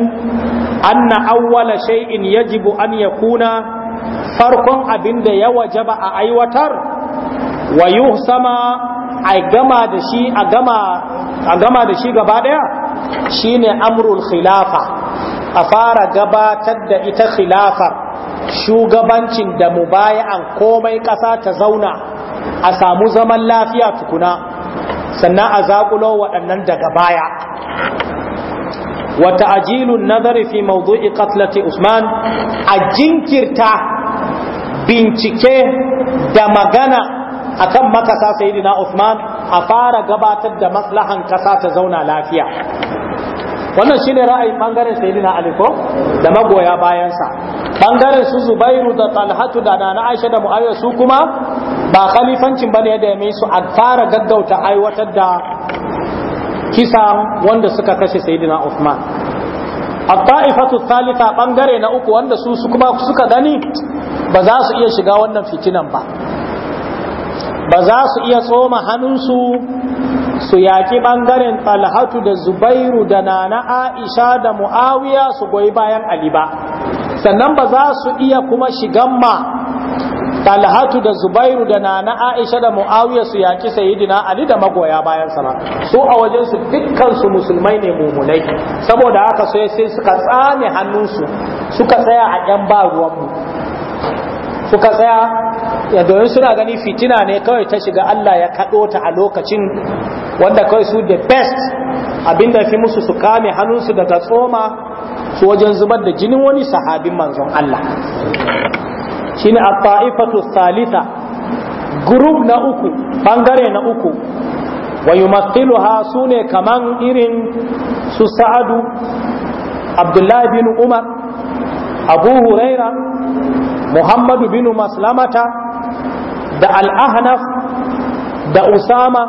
anna awwala shay'in yajibu an yakuna farkon abin da ya wajaba a aiwatar wa yuhsama a gama da shi a gama da shi gaba daya shine amrul khilafa a fara gabatar da ita khilafar shugabancin da mubaya'an komai kasa ta zauna a samu zaman lafiya tukuna sannan a zakulo waɗannan daga baya wata ajilun nazari fi mawdu'i qatlati usman a jinkirta bincike da magana akan makasa sayyidina Usman a fara gabatar da maslahan kasa ta zauna lafiya wannan shine ra'ayin bangaren sayyidina Ali ko da magoya bayansa bangaren su Zubairu da Talhatu da Nana Aisha da Muawiya su kuma ba khalifancin bane yadda ya mai su a fara gaggauta aiwatar da kisa wanda suka kashe sayyidina Uthman at-ta'ifatu thalitha bangare na uku wanda su su kuma suka gani ba za su iya shiga wannan fitinan ba ba za su iya tsoma hannunsu su yaki bangaren talhatu da zubairu da nana aisha da mu'awiya su goyi bayan ali ba sannan ba za su iya kuma shigan ma talhatu da zubairu da nana aisha da muawiya su yaki sayyidina ali da magoya bayan sa su a wajen su dukkan su musulmai ne mumunai saboda haka sai sai suka tsame hannunsu suka tsaya a yan ba ruwan mu suka tsaya ya suna gani fitina ne kawai ta shiga Allah ya kaɗo ta a lokacin wanda kawai su the best abinda fi musu su kame hannunsu daga tsoma su wajen zubar da jinin wani sahabin manzon Allah shine at-ta'ifatu Salisa, group na uku bangare na uku wa sune kaman irin su sa'adu abdullahi bin umar abu huraira muhammadu bin maslamata da al-ahnaf da usama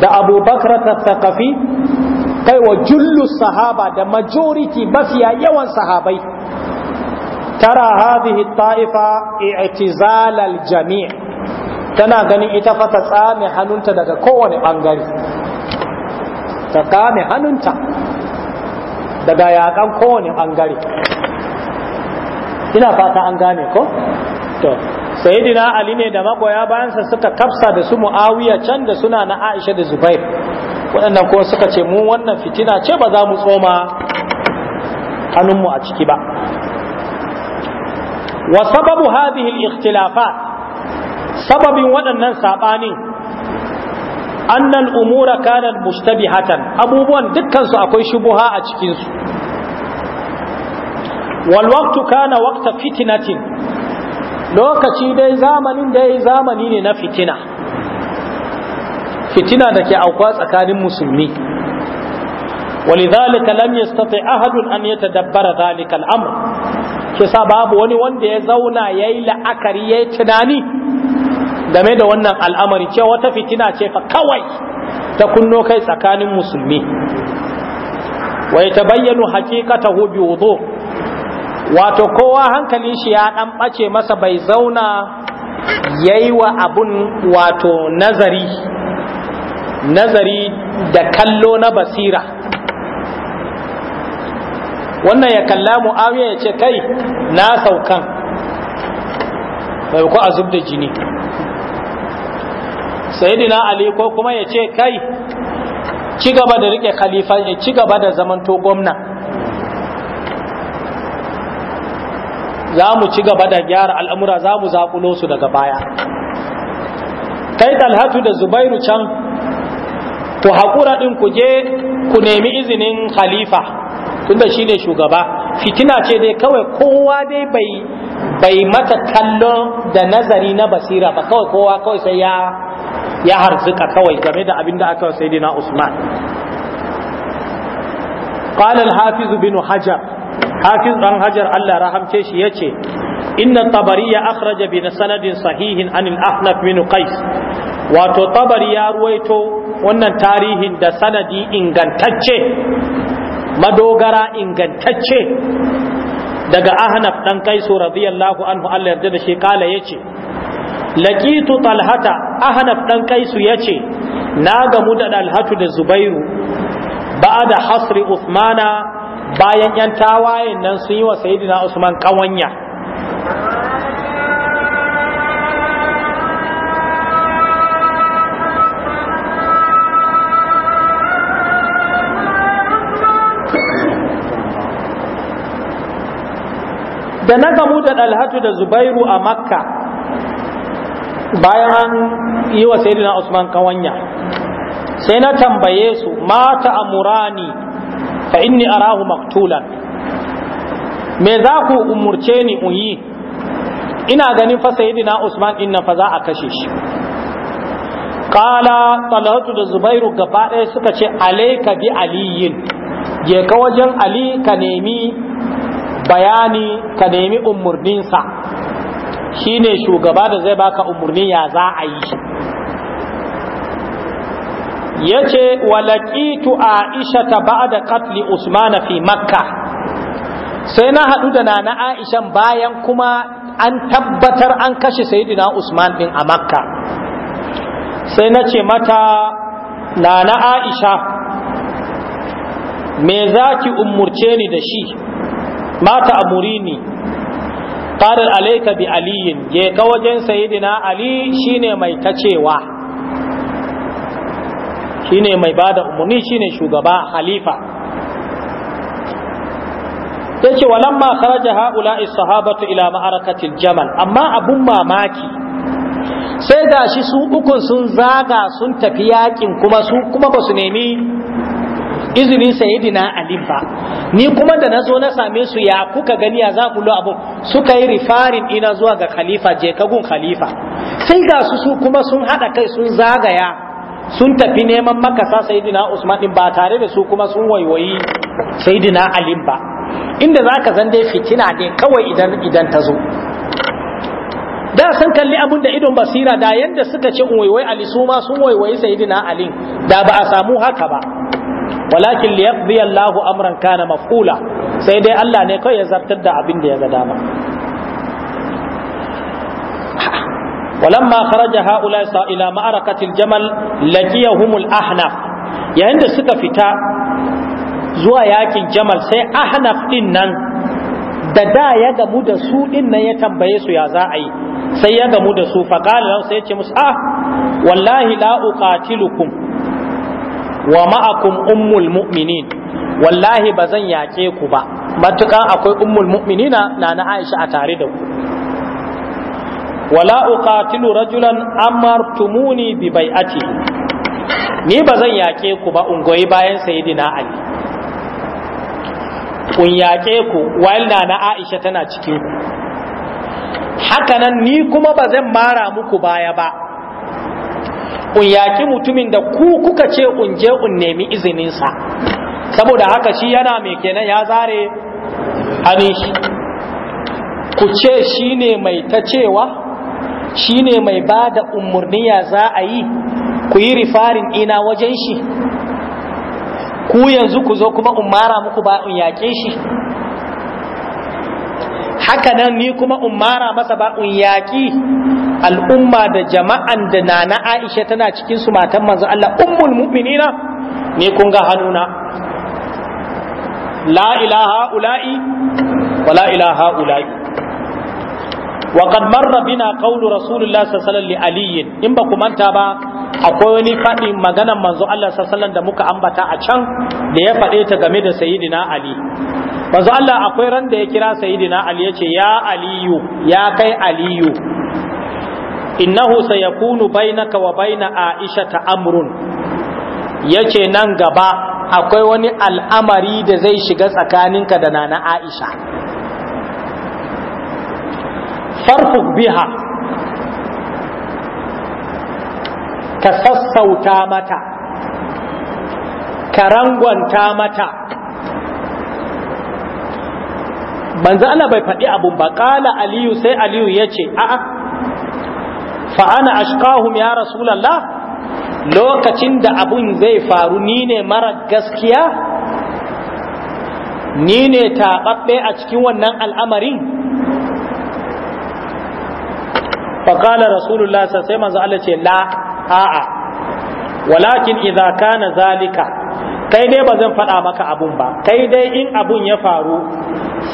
da abubakar tattakafi kai wa jullu sahaba da majority mafiya yawan sahabai tara hadhihi ta'ifa i'tizal al-jami' tana ganin ita fa ta tsame hannunta daga kowane bangare ta kame hannunta daga yakan kowane bangare ina fata an gane ko to sayyidina ali ne da magoya sa suka kafsa da su muawiya can da suna na aisha da zubair waɗannan ko suka ce mu wannan fitina ce ba za mu tsoma hannunmu a ciki ba Wasababu sababu hadhihi al sababin waɗannan saɓanin annal umura kanat mustabihatan abubuwan dukkansu akwai shubuha a cikin su wal waqtu kana waqta fitnatin lokaci dai zamanin da dai zamani ne na fitina fitina da ke auka tsakanin musulmi ولذلك لم يستطع أحد ta dabbara ذلك الأمر shi sa babu wani wanda ya zauna ya yi la'akari ya yi tunani game da wannan al'amari ce wata fitina ce fa kawai ta kunno kai tsakanin musulmi wa ya tabayyanu hakikata hobi wuzo wato kowa hankalin shi ya dan bace masa bai zauna ya yi wa abun wato nazari nazari da kallo na basira wannan ya kalla mu'awiya ya ce kai na saukan bai ku a zub da jini sayyidina ali ko kuma ya ce kai ci gaba da rike khalifa ya ci gaba da zamanto gwamna za mu ci gaba da gyara al'amura za mu zaƙulo su daga baya kai talhatu da zubairu can ku haƙura ɗin ku je ku nemi izinin khalifa tunda shine shugaba fitina ce dai kawai kowa dai bai bai mata kallo da nazari na basira ba kawai kowa kawai sai ya ya harzuka kawai game da abin da aka sai dina Usman قال الحافظ بن حجر حافظ بن حجر الله رحمته شي yace إن الطبري أخرج بسند صحيح عن الأحنف بن قيس wato tabar ya ruwaito wannan tarihin da sanadi ingantacce madogara ingantacce daga ahnaf dan kaisu radiyallahu anhu Allah yarda da shi kala yace laqitu talhata ahnaf dan kaisu yace na gamu da dalhatu da zubairu ba'da hasri usmana bayan yan tawayen nan sun yi wa sayyidina usman kawanya da na gamu da dalhatu da zubairu a makka bayan an yi wa sayyidina usman kawanya sai na tambaye su mata amurani fa inni arahu maktulan me za ku umurce ni uyi ina ganin fa sayyidina usman din nan fa za a kashe shi qala talatu da zubairu gaba ɗaya suka ce alayka bi aliyin je ka wajen ali ka nemi bayani ka nemi umurninsa ne shugaba da zai baka umurni ya za a yi yace Walakitu aisha ta ba da qatli usman fi makka sai na haɗu da nana aisha bayan kuma an tabbatar an kashe sayyidina usman din a makka sai na ce mata nana aisha me za ki umurce ni da shi ma ta'murini fadar alayka bi aliyin je ka wajen sayyidina ali shine mai tacewa shine mai bada umarni shine shugaba halifa yace walamma kharaja haula sahabatu ila ma'arakatil jamal amma abun mamaki sai shi su ukun sun zaga sun tafi yakin kuma su kuma basu nemi izinin sayidina ali ba ni kuma da na zo na same su ya kuka gani ya za ku lo abu suka yi rifarin ina zuwa ga khalifa je kagun khalifa sai ga su su kuma sun hada kai sun zagaya sun tafi neman makasa sayidina usman din ba tare da su kuma sun waiwayi sayidina ali ba inda zaka zan dai fitina ne kawai idan idan ta zo da san kalli abun da idon basira da yanda suka ce waiwai ali su ma sun waiwayi sayidina ali da ba a samu haka ba walakin liyaqdi Allahu amran kana maf'ula sai dai Allah ne kai ya zartar da abin da ya ga dama walamma kharaja haula ila ma'arakatil jamal Humul ahnaf yayin da suka fita zuwa yakin jamal sai ahnaf din nan da da ya gamu da su din nan ya tambaye su ya za a yi sai ya gamu da su faqala sai ya ce musu ah wallahi la uqatilukum wa ma'akum ummul mu'minin wallahi ba zan yaƙe ku ba matuƙa akwai ummul mu'minina na na Aisha a tare da ku wala uqatilu rajulan amartumuni bi bai'ati ni ba zan yaƙe ku ba ungoyi bayan sayyidina Ali kun yaƙe ku while na na Aisha tana cikin ku hakanan ni kuma ba zan mara muku baya ba un mutumin da ku kuka ce un je un nemi izininsa saboda haka shi yana mai kenan ya zare hannun ku ce shi mai ta cewa shine mai bada da ya za a yi ku yi rifarin ina wajen shi ku yanzu ku zo kuma umara muku ba un yake shi haka nan ni kuma umara masa ba un yaki al'umma da jama'an da na na Aisha tana cikin su matan manzo Allah ummul mu'minina ne kun ga hannuna la ilaha ula'i wa la ilaha ula'i wa qad marra bina qawlu rasulullah sallallahu alaihi aliyyin in ba ku manta ba akwai wani fadin maganar manzo Allah sallallahu da muka ambata a can da ya faɗe ta game da sayyidina ali manzo Allah akwai ran da ya kira sayyidina ali yace ya aliyu ya kai aliyu innahu sayakunu bainaka wa baina aisha ta amrun yace nan gaba akwai wani al'amari da zai shiga tsakaninka da nana aisha farfuk biha ka sassauta mata ka rangwanta mata banza ana bai faɗi abun ba ƙala aliyu sai aliyu ya ce a'a fa'ana ana ashqahum ya rasulullah lokacin da abun zai faru ni ne mara gaskiya ni ne taɓaɓɓe a cikin wannan al'amarin faƙalar rasulullah sai manzo Allah ce la a'a walakin iza kana zalika kai dai ba zan faɗa maka abun ba kai dai in abun ya faru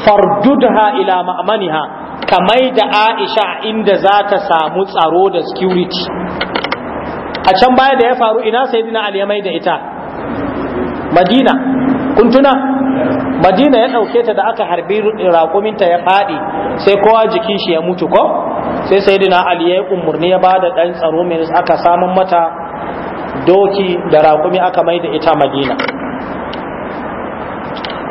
fardudha ila ma'amaniha ka mai da aisha inda za ta samu tsaro da security a can baya da ya faru ina dina ali ya mai da ita madina kun tuna madina ya ɗauke ta da aka harbi raƙuminta ya faɗi sai kowa jikin shi ya mutu ko sai saidina ali ya yi umarni ya ba da ɗan tsaro mai aka samun mata doki da raƙumi aka mai da ita madina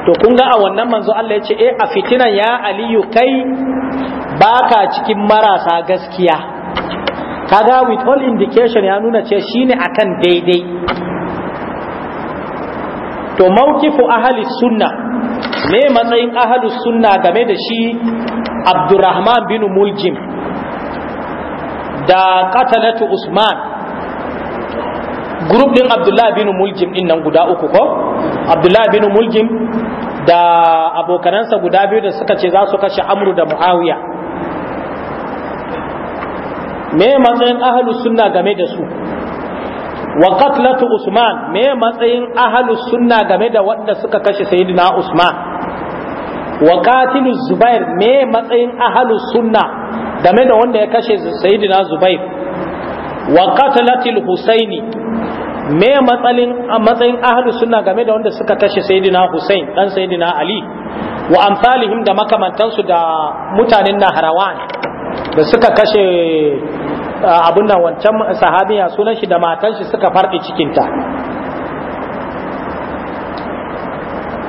to kun ga a wannan manzo Allah ya ce eh a fitinan ya aliyu kai baka cikin marasa gaskiya kaga with all indication ya nuna ce shine akan daidai to mawkifu ahli sunna me matsayin ahli sunna game da shi Abdurrahman bin Muljim da qatalatu Usman group din Abdullah bin Muljim din nan guda uku ko abdullahi bin Mulkin da abokanansa guda biyu da suka ce za su kashe amru da muawiya me matsayin ahalus sunna game da su wa qatlatu usman me matsayin ahalus sunna game da wanda suka kashe sayyidina usman wa qatilu zubair me matsayin ahalus sunna game da wanda ya kashe sayyidina zubair wa qatlatil husaini me matsalin matsayin ahlus sunna game da wanda suka kashe sayyidina Hussein dan sayyidina Ali wa amsalihim da makamantansu da mutanen Naharawan da suka kashe abun nan wancan sahabiya sunan shi da matan shi suka farɗi cikinta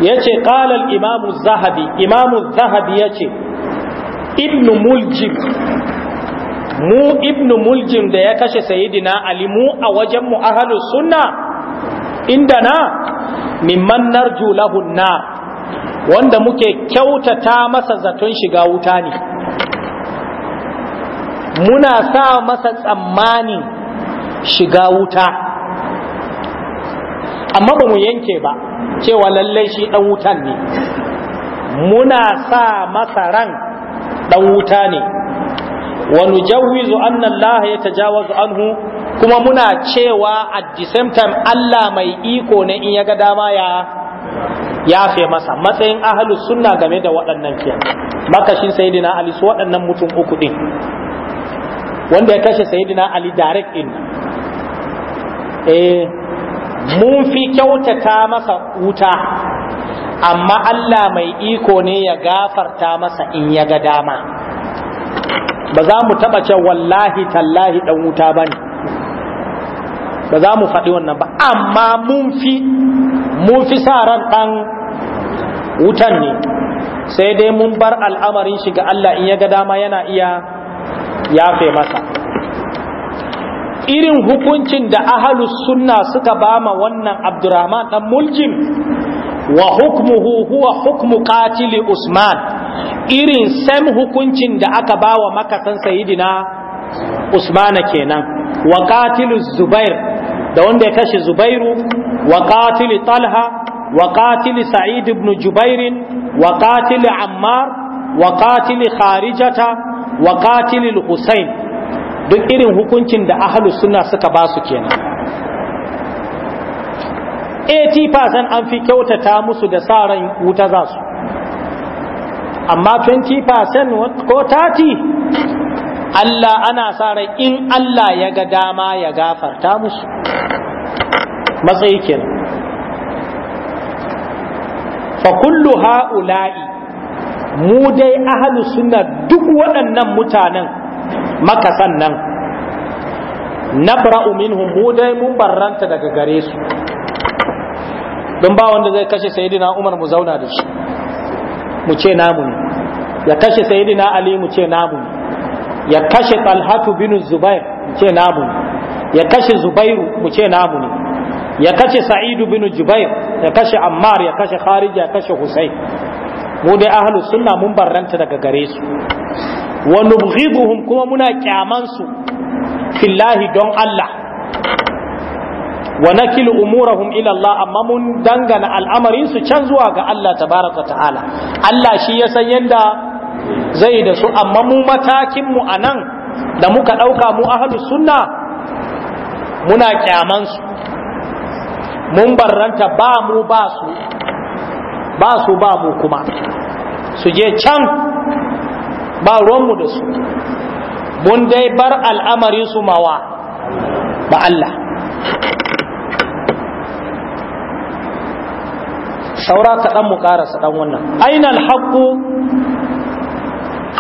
yace qala al imamu zahabi az zahabi yace ibnu muljib mu ibnu muljim da ya kashe sayidina ali mu a wajen mu ahlus sunna na mimman narju lahun na. wanda muke kyautata masa zaton shiga wuta ne muna sa masa tsammani shiga wuta amma ba mu yanke ba cewa lallai shi dan wutan ne muna sa masa ran dan wuta ne wa nujawwizu anna Allah ya tajawazu anhu kuma muna cewa at the same time Allah mai iko ne in ya ga dama ya yafe masa matsayin ahlus sunna game da waɗannan kiyan makashin sayyidina Ali su waɗannan mutum uku din wanda ya kashe sayyidina Ali direct in eh mun fi kyautata masa wuta amma Allah mai iko ne ya gafarta masa in ya ga dama ba za mu taɓa ce wallahi tallahi ɗan wuta ba ne ba za mu faɗi wannan ba amma mun fi mun fi sa ran ɗan wutan ne sai dai mun bar al'amarin shi ga Allah in ya ga dama yana iya yafe masa irin hukuncin da ahalus sunna suka bama wannan abdurrahman ɗan muljim wa hukmuhu huwa hukmu katili usman irin sam hukuncin da aka ba wa makasan sayidina usmana kenan wa qatilu zubair da wanda ya kashe zubairu wa qatilu talha wa qatilu sa'id ibn jubair wa qatilu ammar wa qatilu kharijata wa qatilu husain duk irin hukuncin da ahlu sunna suka ba su kenan 80% an fi kyautata musu da sa ran wuta za su amma 20% ko 30 Allah ana sa rai in Allah ya ga dama ya gafarta musu matsayi kenan fa kullu ha'ula'i mu dai ahlus sunna duk waɗannan mutanen maka sannan, nabra'u minhum mu dai mun barranta daga gare su don ba wanda zai kashe sayyidina Umar mu zauna da shi mu ce namu ne ya kashe Sayidina ali mu ce namu ne ya kashe talhatu bin zubair mu ce namu ne ya kashe zubairu mu ce namu ne ya kashe sa'idu bin jubair ya kashe ammar ya kashe kharija ya kashe husayn mu dai ahlu sunna mun barranta daga gare su wa nubghiduhum kuma muna kyaman su fillahi don Allah wa nakilu umurahum ila Allah amma mun dangana al'amarin su can zuwa ga Allah tabaraka ta'ala Allah shi ya san yanda zai da su amma mu matakin mu anan da muka dauka mu ahlus sunna muna kyaman su mun barranta ba mu ba su ba su ba mu kuma su je can ba mu da su mun dai bar al'amarin su mawa ba Allah saura kaɗan mu ƙarasa ɗan wannan ainihin haƙƙu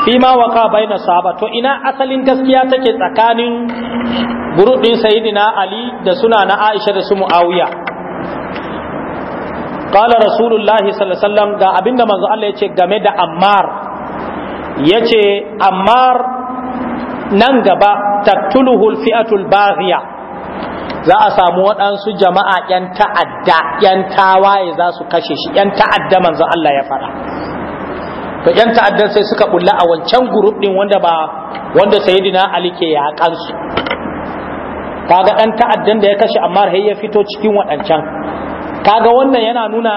fi ma waka baina sahaba to ina asalin gaskiya take tsakanin burudin sayyidina ali da suna na aisha da su muawiya qala rasulullahi sallallahu alaihi wasallam ga abinda manzo Allah yace game da ammar yace ammar nan gaba taqtuluhu alfi'atu albaghiya za a samu waɗansu jama'a ‘yan ta'adda ‘yan tawaye za su kashe shi ‘yan ta'adda manzo Allah ya fara. to ‘yan ta'addan sai suka bulla a wancan group ɗin wanda ba wanda sayidina Ali ke ya kansu kaga ɗan ta'addan da ya kashe amma har ya fito cikin waɗancan kaga wannan yana nuna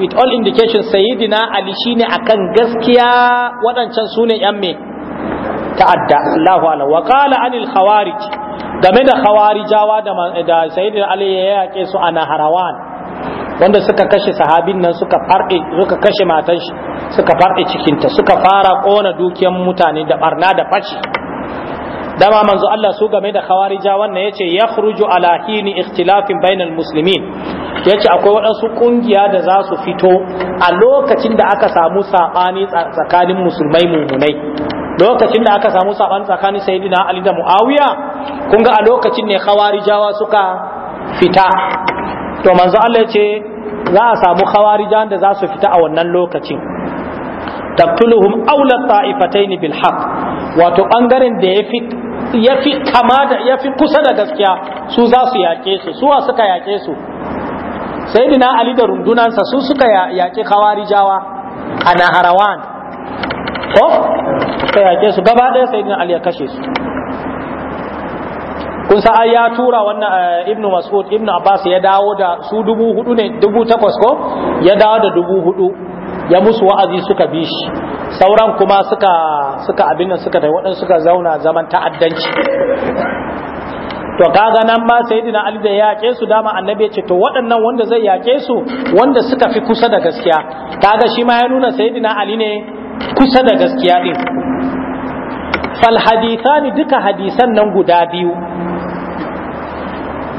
with all indications sayidina Ali shine akan gaskiya waɗancan sune ƴan me ta'adda Allahu alam wa qala anil khawarij game da khawarijawa da sayyidin ali ya yake su ana harawan wanda suka kashe sahabin nan suka farɗe suka kashe matan shi suka farɗe cikinta suka fara kona dukiyan mutane da barna da fashi dama manzo Allah su game da khawarija wannan yace yakhruju ala hini ikhtilafin bainal muslimin yace akwai waɗansu ƙungiya da za su fito a lokacin da aka samu saɓani tsakanin musulmai mumunai lokacin da aka samu saban tsakanin sayyidina ali da muawiya kun ga a lokacin ne khawarijawa suka fita to manzo Allah ya ce za a samu khawarijan da za su fita a wannan lokacin taqtuluhum awla ta'ifatayn bil haqq wato bangaren da yafi yafi kama da yafi kusa da gaskiya su za su yake su su suka yake su sayyidina ali da rundunansa su suka yake khawarijawa a naharawan ko ya ce su gaba ɗaya sai ali ya kashe su kun sa ya tura wannan eh, ibnu mas'ud ibnu abbas ya dawo da su dubu hudu ne dubu takwas ko ya dawo da dubu hudu ya musu wa'azi suka bi shi sauran kuma suka suka abin nan suka tai waɗansu suka zauna zaman ta'addanci to kaga nan ma sayyidina ali da yake su dama annabi ya ce to waɗannan wanda zai yake su wanda suka fi kusa da gaskiya kaga shi ma ya nuna sayyidina ali ne kusa da gaskiya din fal hadithani duka hadisan nan guda biyu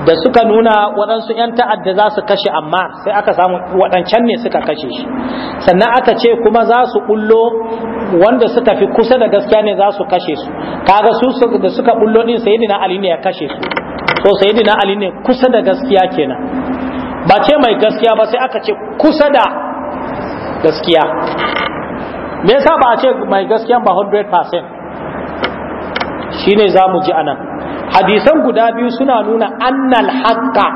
da suka nuna waɗansu 'yan ta'adda za su kashe amma sai aka samu waɗancan ne suka kashe shi sannan aka ce kuma za su ɓullo wanda suka fi kusa da gaskiya ne za su kashe su kaga su da suka ɓullo ɗin sayidina ali ne ya kashe su so sayidina ali ne kusa da gaskiya kenan ba ce mai gaskiya ba sai aka ce kusa da gaskiya me yasa ba a ce mai gaskiyan ba 100% shine mu ji anan hadisan guda biyu suna nuna annal haqqa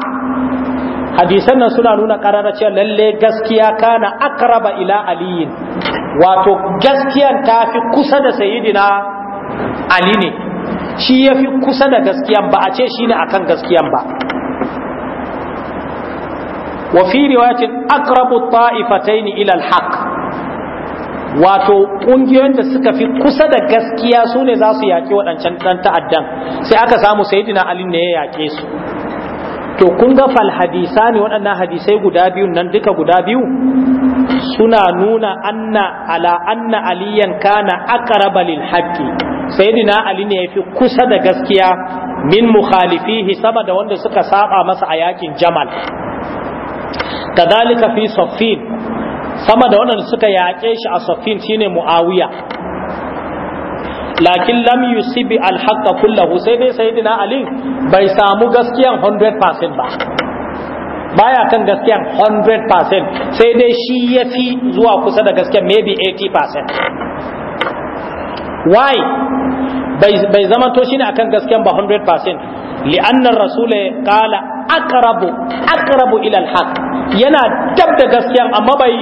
hadisan nan suna nuna karara cewa lalle gaskiya kana akraba ila aliyin wato gaskiyan ta fi kusa da sayidina ali ne shi ya fi kusa da gaskiya ba a ce shi ne akan gaskiyan ba wa fi riwayatin akrabu ta'ifataini ila al-haqq wato ƙungiyoyin da suka fi kusa da gaskiya su ne za su yaƙi waɗancan ɗan ta'addan sai aka samu sayidina ali ne ya yaƙe su to kun ga fal hadisa ne waɗannan hadisai guda biyu nan duka guda biyu suna nuna anna ala anna aliyan kana aqraba lil haqqi sayidina ali ne yafi kusa da gaskiya min mukhalifihi saboda wanda suka saba masa a yakin jamal kadhalika fi saffin sama da waɗanda suka yaƙe shi a safin shine mu'awiya lakin lam yusibi alhaqqa kullahu sai dai sayyidina ali bai samu gaskiyan 100% ba baya kan gaskiyan 100% sai dai shi yafi zuwa kusa da gaskiyan maybe 80% why bai zama to shine akan gaskiyan ba 100% li'anna rasul kala aqrabu aqrabu ila alhaq yana dab da gaskiyan amma bai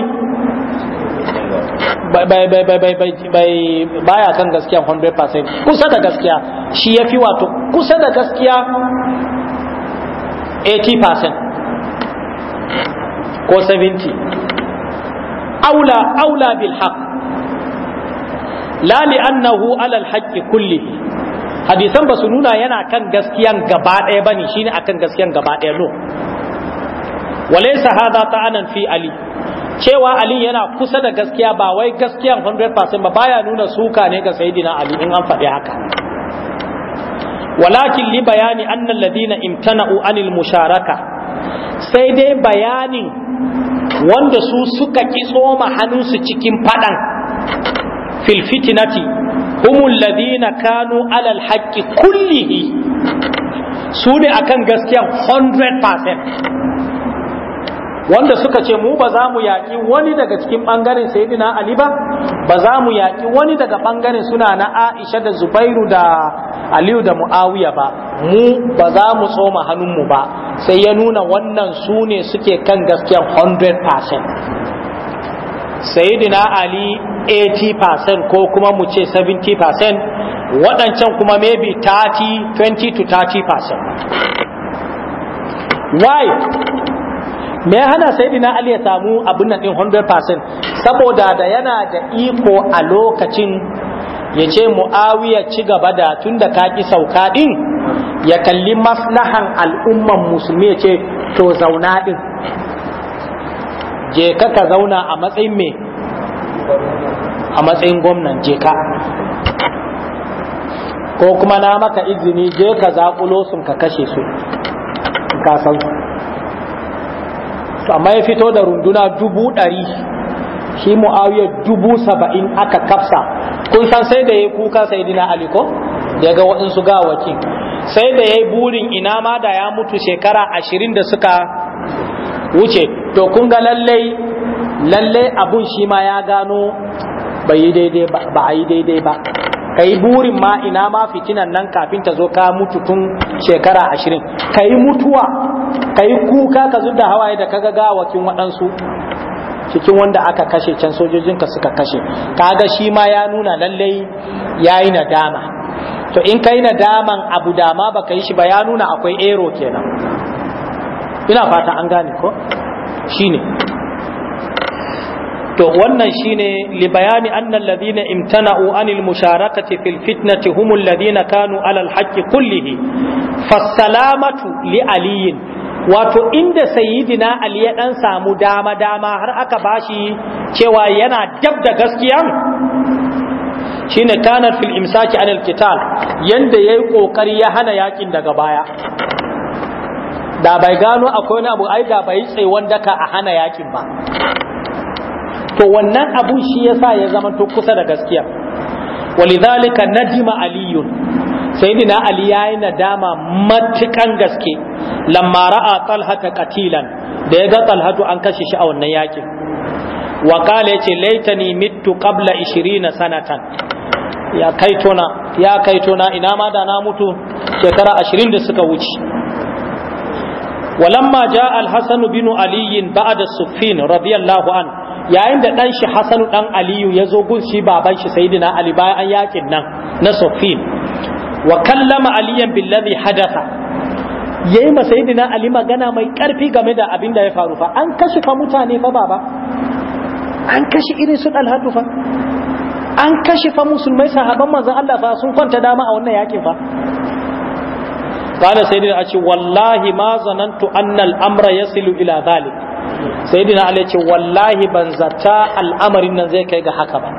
baya kan gaskiya 100% kusa da gaskiya shi ya fi wato kusa da gaskiya 80% ko 70 aula aula bil haq la li annahu ala al haqq kulli hadisan ba su nuna yana kan gaskiyan gaba ɗaya bane shine akan gaskiyan gaba ɗaya no walaysa hadha ta'anan fi ali cewa ali yana kusa da gaskiya ba wai gaskiyan 100% ba baya nuna suka ne ga saidina ali in an faɗi haka walakin li bayani annal ladina imtana'u anil musharaka sai dai bayanin wanda su suka ki tsoma hannunsu cikin faɗan fil fitinati humul ladina kanu alal haqqi kullihi su ne akan gaskiya 100% wanda suka ce mu ba za mu yaƙi wani daga cikin ɓangaren sayidina Ali ba ba za mu yaƙi wani daga ɓangaren suna na Aisha da Zubairu da Aliyu da Muawiya ba mu ba za mu tsoma hannunmu ba sai ya nuna wannan su ne suke kan gaskiya 100% sayidina Ali 80% ko kuma mu ce 70% waɗancan kuma maybe 30 20 to 30% why me ya hana sayyidina ali ya samu abin nan din 100% saboda da yana da iko a lokacin ya ce muawiya ci gaba da tunda ka ki sauka din ya kalli maslahan al'umman musulmi ya ce to zauna din je ka ka zauna a matsayin me a matsayin gwamnan je ka ko kuma na maka izini je ka zaƙulo sun ka kashe su ka san su to amma ya fito da runduna dubu ɗari shi mu'awiyar dubu saba'in aka kafsa kun san sai da ya kuka sai dina aliko da ga waɗansu sai da ya yi burin ina ma da ya mutu shekara ashirin da suka wuce to kun ga lallai lallai abun shi ma ya gano ba yi daidai ba ka burin ma ina ma fitinan nan kafin ta zo ka mutu tun shekara ashirin ka mutuwa ka kuka ka zuda hawaye da kaga gawakin waɗansu cikin wanda aka kashe can sojojinka suka kashe kaga shi ma ya nuna lallai ya yi nadama to in ka yi nadaman abu dama ba ka yi shi ba ya nuna akwai ero kenan ina fata an gane ko shine to wannan shine li bayani anna alladhina imtana'u anil musharakati fil fitnati humul ladina kanu alal haqqi kullihi fassalamatu li aliyin wato inda sayyidina ali ya dan samu dama dama har aka bashi cewa yana dab da gaskiya shine kanar fil imsaki anil qital yanda yayi kokari ya hana yakin daga baya da bai gano akwai wani abu ai da bai tsaye wanda ka a hana yakin ba to wannan abun shi yasa ya zama to kusa da gaskiya walidhalika nadima aliyun sayyidina ali yayi nadama matukan gaske lamma ra'a talhata qatilan da ya ga talhatu an kashe shi a wannan yakin wa qala yace laitani mittu qabla 20 sanatan ya kaitona ya kaitona ina ma da na mutu shekara 20 da suka wuce ولما جاء الحسن بن علي بعد الصفين رضي الله عنه yayin da ɗanshi shi hasanu ɗan aliyu ya zo gunshi shi baban shi sayidina ali bayan an yakin nan na sofin wa kallama aliyan billazi hadasa ya yi sayidina ali magana mai ƙarfi game da abin da ya faru fa an kashe fa mutane fa baba an kashe irin su ɗalhatu fa an kashe fa musulmai sahaban manzan Allah fa sun kwanta dama a wannan yakin fa قال سيدنا أشي والله ما ظننت أن الأمر يصل إلى ذلك sai dina Ali ce wallahi ban zata al'amarin nan zai kai ga haka ba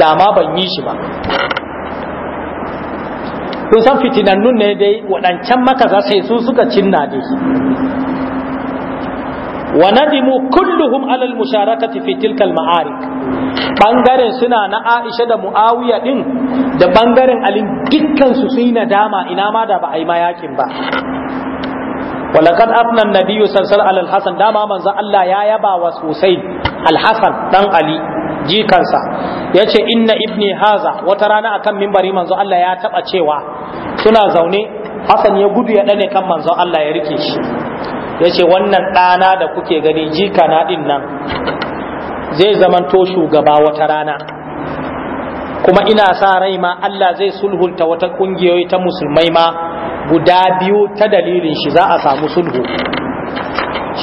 dama ban yi shi ba kun san fitinannun ne dai waɗancan maka za sai su suka cinna dai wa nadimu kulluhum alal musharakati fi tilkal ma'arik bangaren suna na Aisha da Muawiya din da bangaren Ali dukkan su sun nadama ina ma da ba a yi mayakin ba walaqad afna nabiyyu nabiy sallallahu alaihi dama manzo Allah ya yaba wa sosai al-hasan dan ali jikansa yace inna ibni haza wata rana akan minbari manzo Allah ya taba cewa suna zaune hasan ya gudu ya dane kan manzo Allah ya rike shi yace wannan dana da kuke gani jikana din nan zai zamanto shugaba wata rana kuma ina sa rai ma Allah zai sulhunta wata kungiyoyi ta musulmai ma guda biyu ta dalilin shi za a samu sulhu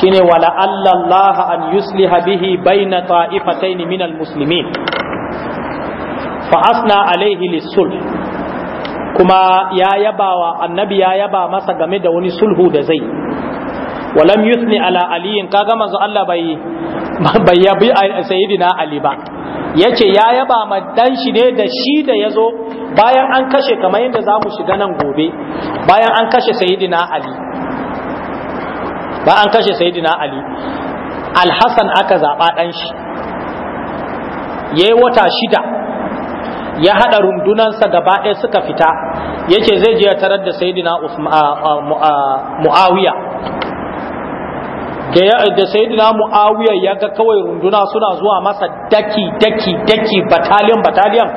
shine wala Allah an yusliha bihi baina ta'ifatayn min almuslimin fa asna alaihi lisulh kuma ya yabawa annabi ya yaba masa game da wani sulhu da zai walam yusni ala aliyin kaga manzo Allah bai bai yabi sayyidina ali ba Yace ya yaba ma dan shi ne da shi da ya zo bayan an kashe kamar yadda za mu shiga nan gobe bayan an kashe sayidina ali ba an kashe sayidina ali alhassan aka zaɓa ɗan shi ya yi wata shida ya haɗa rundunansa gaba ɗaya suka fita yace zai je ya tarar da sayidina mu'awiya da ya da sayyidina muawiya ya ga kawai runduna suna zuwa masa daki daki daki bataliyan bataliyan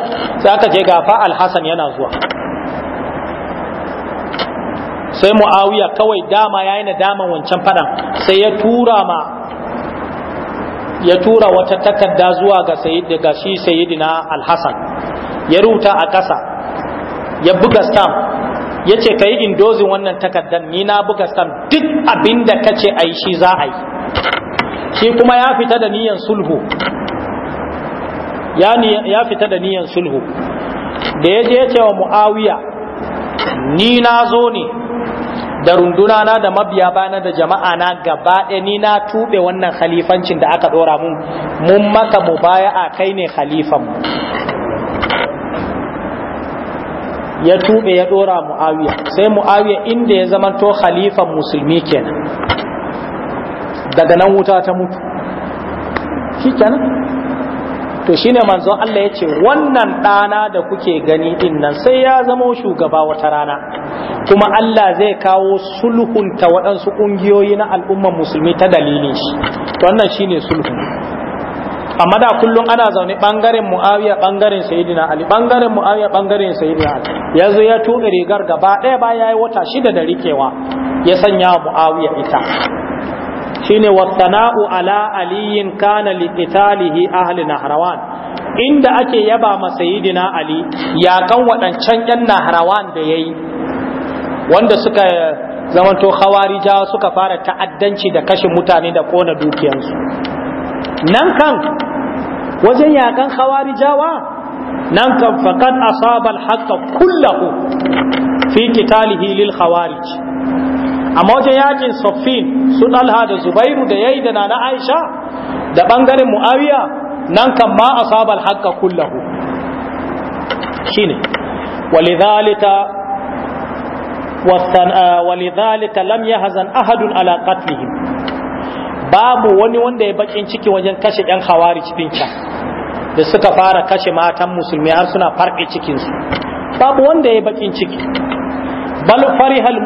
sai aka je ga gafa alhasan yana zuwa sai muawiya kawai dama yayi nadaman wancan fadan sai ya tura ma ya tura wata takarda zuwa ga sayyid daga shi sayyidina alhasan ya ruta a kasa ya buga stamp ya ce ka yi indozin wannan takardar ni na buga sam duk abin da ka ce a yi shi za a yi shi kuma ya fita da niyan sulhu ya fita da niyan sulhu da ya je wa mu'awiya ni na zo ne da runduna na da mabiya bana da jama'a na gaba ɗaya ni na tuɓe wannan khalifancin da aka ɗora mun mun maka mu baya a kai ne khalifan ya tube ya dora muawiya sai muawiya inda ya zama to khalifan musulmi kenan daga nan wuta ta mutu shi kenan to shine manzo Allah ya ce wannan ɗana da kuke gani din nan sai ya zama shugaba wata rana kuma Allah zai kawo sulhunta waɗansu ƙungiyoyi na al'ummar musulmi ta dalilin shi to wannan shine sulhun amma da kullum ana zaune bangaren muawiya bangaren sayyidina ali bangaren muawiya bangaren sayyidina ali yanzu ya tuɓe rigar gaba ɗaya ba yayi wata shida da rikewa ya sanya muawiya ita shine wasana'u ala aliyin kana liqitalihi ahli nahrawan inda ake yaba ma sayyidina ali kan waɗancan yan nahrawan da yayi wanda suka zamanto khawarija suka fara ta'addanci da kashe mutane da kona dukiyarsu. nan kan wajen yakan khawarijawa nan kan faqad asaba al-haqqa kullahu fi qitalihi lil khawarij amma wajen yakin saffin su dalha da zubairu da yayi da nana aisha da bangaren muawiya nan kan ma asaba al-haqqa kullahu shine walidhalika ولذلك لم يهزن أحد على babu wani wanda ya bakin ciki wajen kashe yan hawari cikin can da suka fara kashe matan musulmi har suna farke cikinsu babu wanda ya bakin ciki bal farihal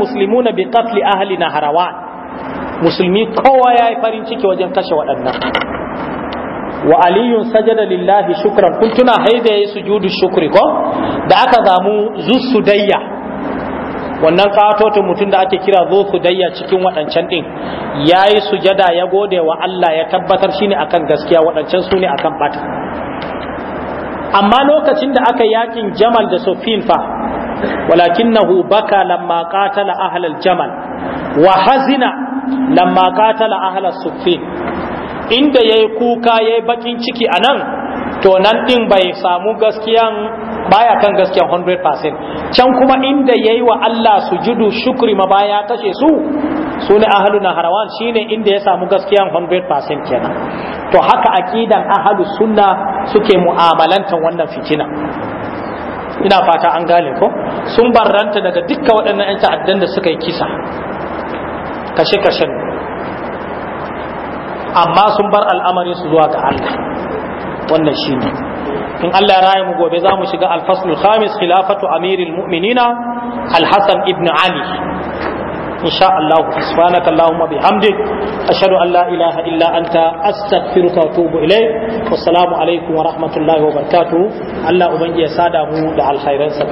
na bi qatli ahli harawa. musulmi kowa ya yi farin ciki wajen kashe waɗannan wa aliyun sajada lillahi shukran kun tuna haida yayi sujudu shukri ko da aka zamu zusudayya wannan katotin mutum da ake kira zo su dayya cikin waɗancan ɗin ya yi sujada ya gode wa Allah ya tabbatar shi shine akan gaskiya waɗancan su ne akan ɓata amma lokacin da aka yakin jamal da sofin fa walakin na hubaka lamma katala ahalar jamal wa hazina lamma katala ahalar sofin inda ya yi kuka ya yi bakin ciki a nan. to nan din bai samu gaskiyan baya kan gaskiyan 100% can kuma inda yayi wa Allah sujudu shukri ma baya kashe su su ne ahlun harawan shine inda ya samu gaskiyan 100% kenan to haka aqidan ahlu sunna suke mu'amalantar wannan fitina ina fata an gane ko sun barranta daga dukkan waɗannan 'yan ta'addan da suka yi kisa kashe kashe amma sun bar al'amari su zuwa ga Allah wannan shine in Allah ya raya mu gobe za mu shiga alfaslul khamis khilafatu amiril mu'minina alhasan hasan ibn ali insha Allah subhanak allahumma bihamdik ashhadu an la ilaha illa anta astaghfiruka wa atubu ilayk wassalamu alaikum wa rahmatullahi wa barakatuh Allah ubangi ya sada mu da alkhairansa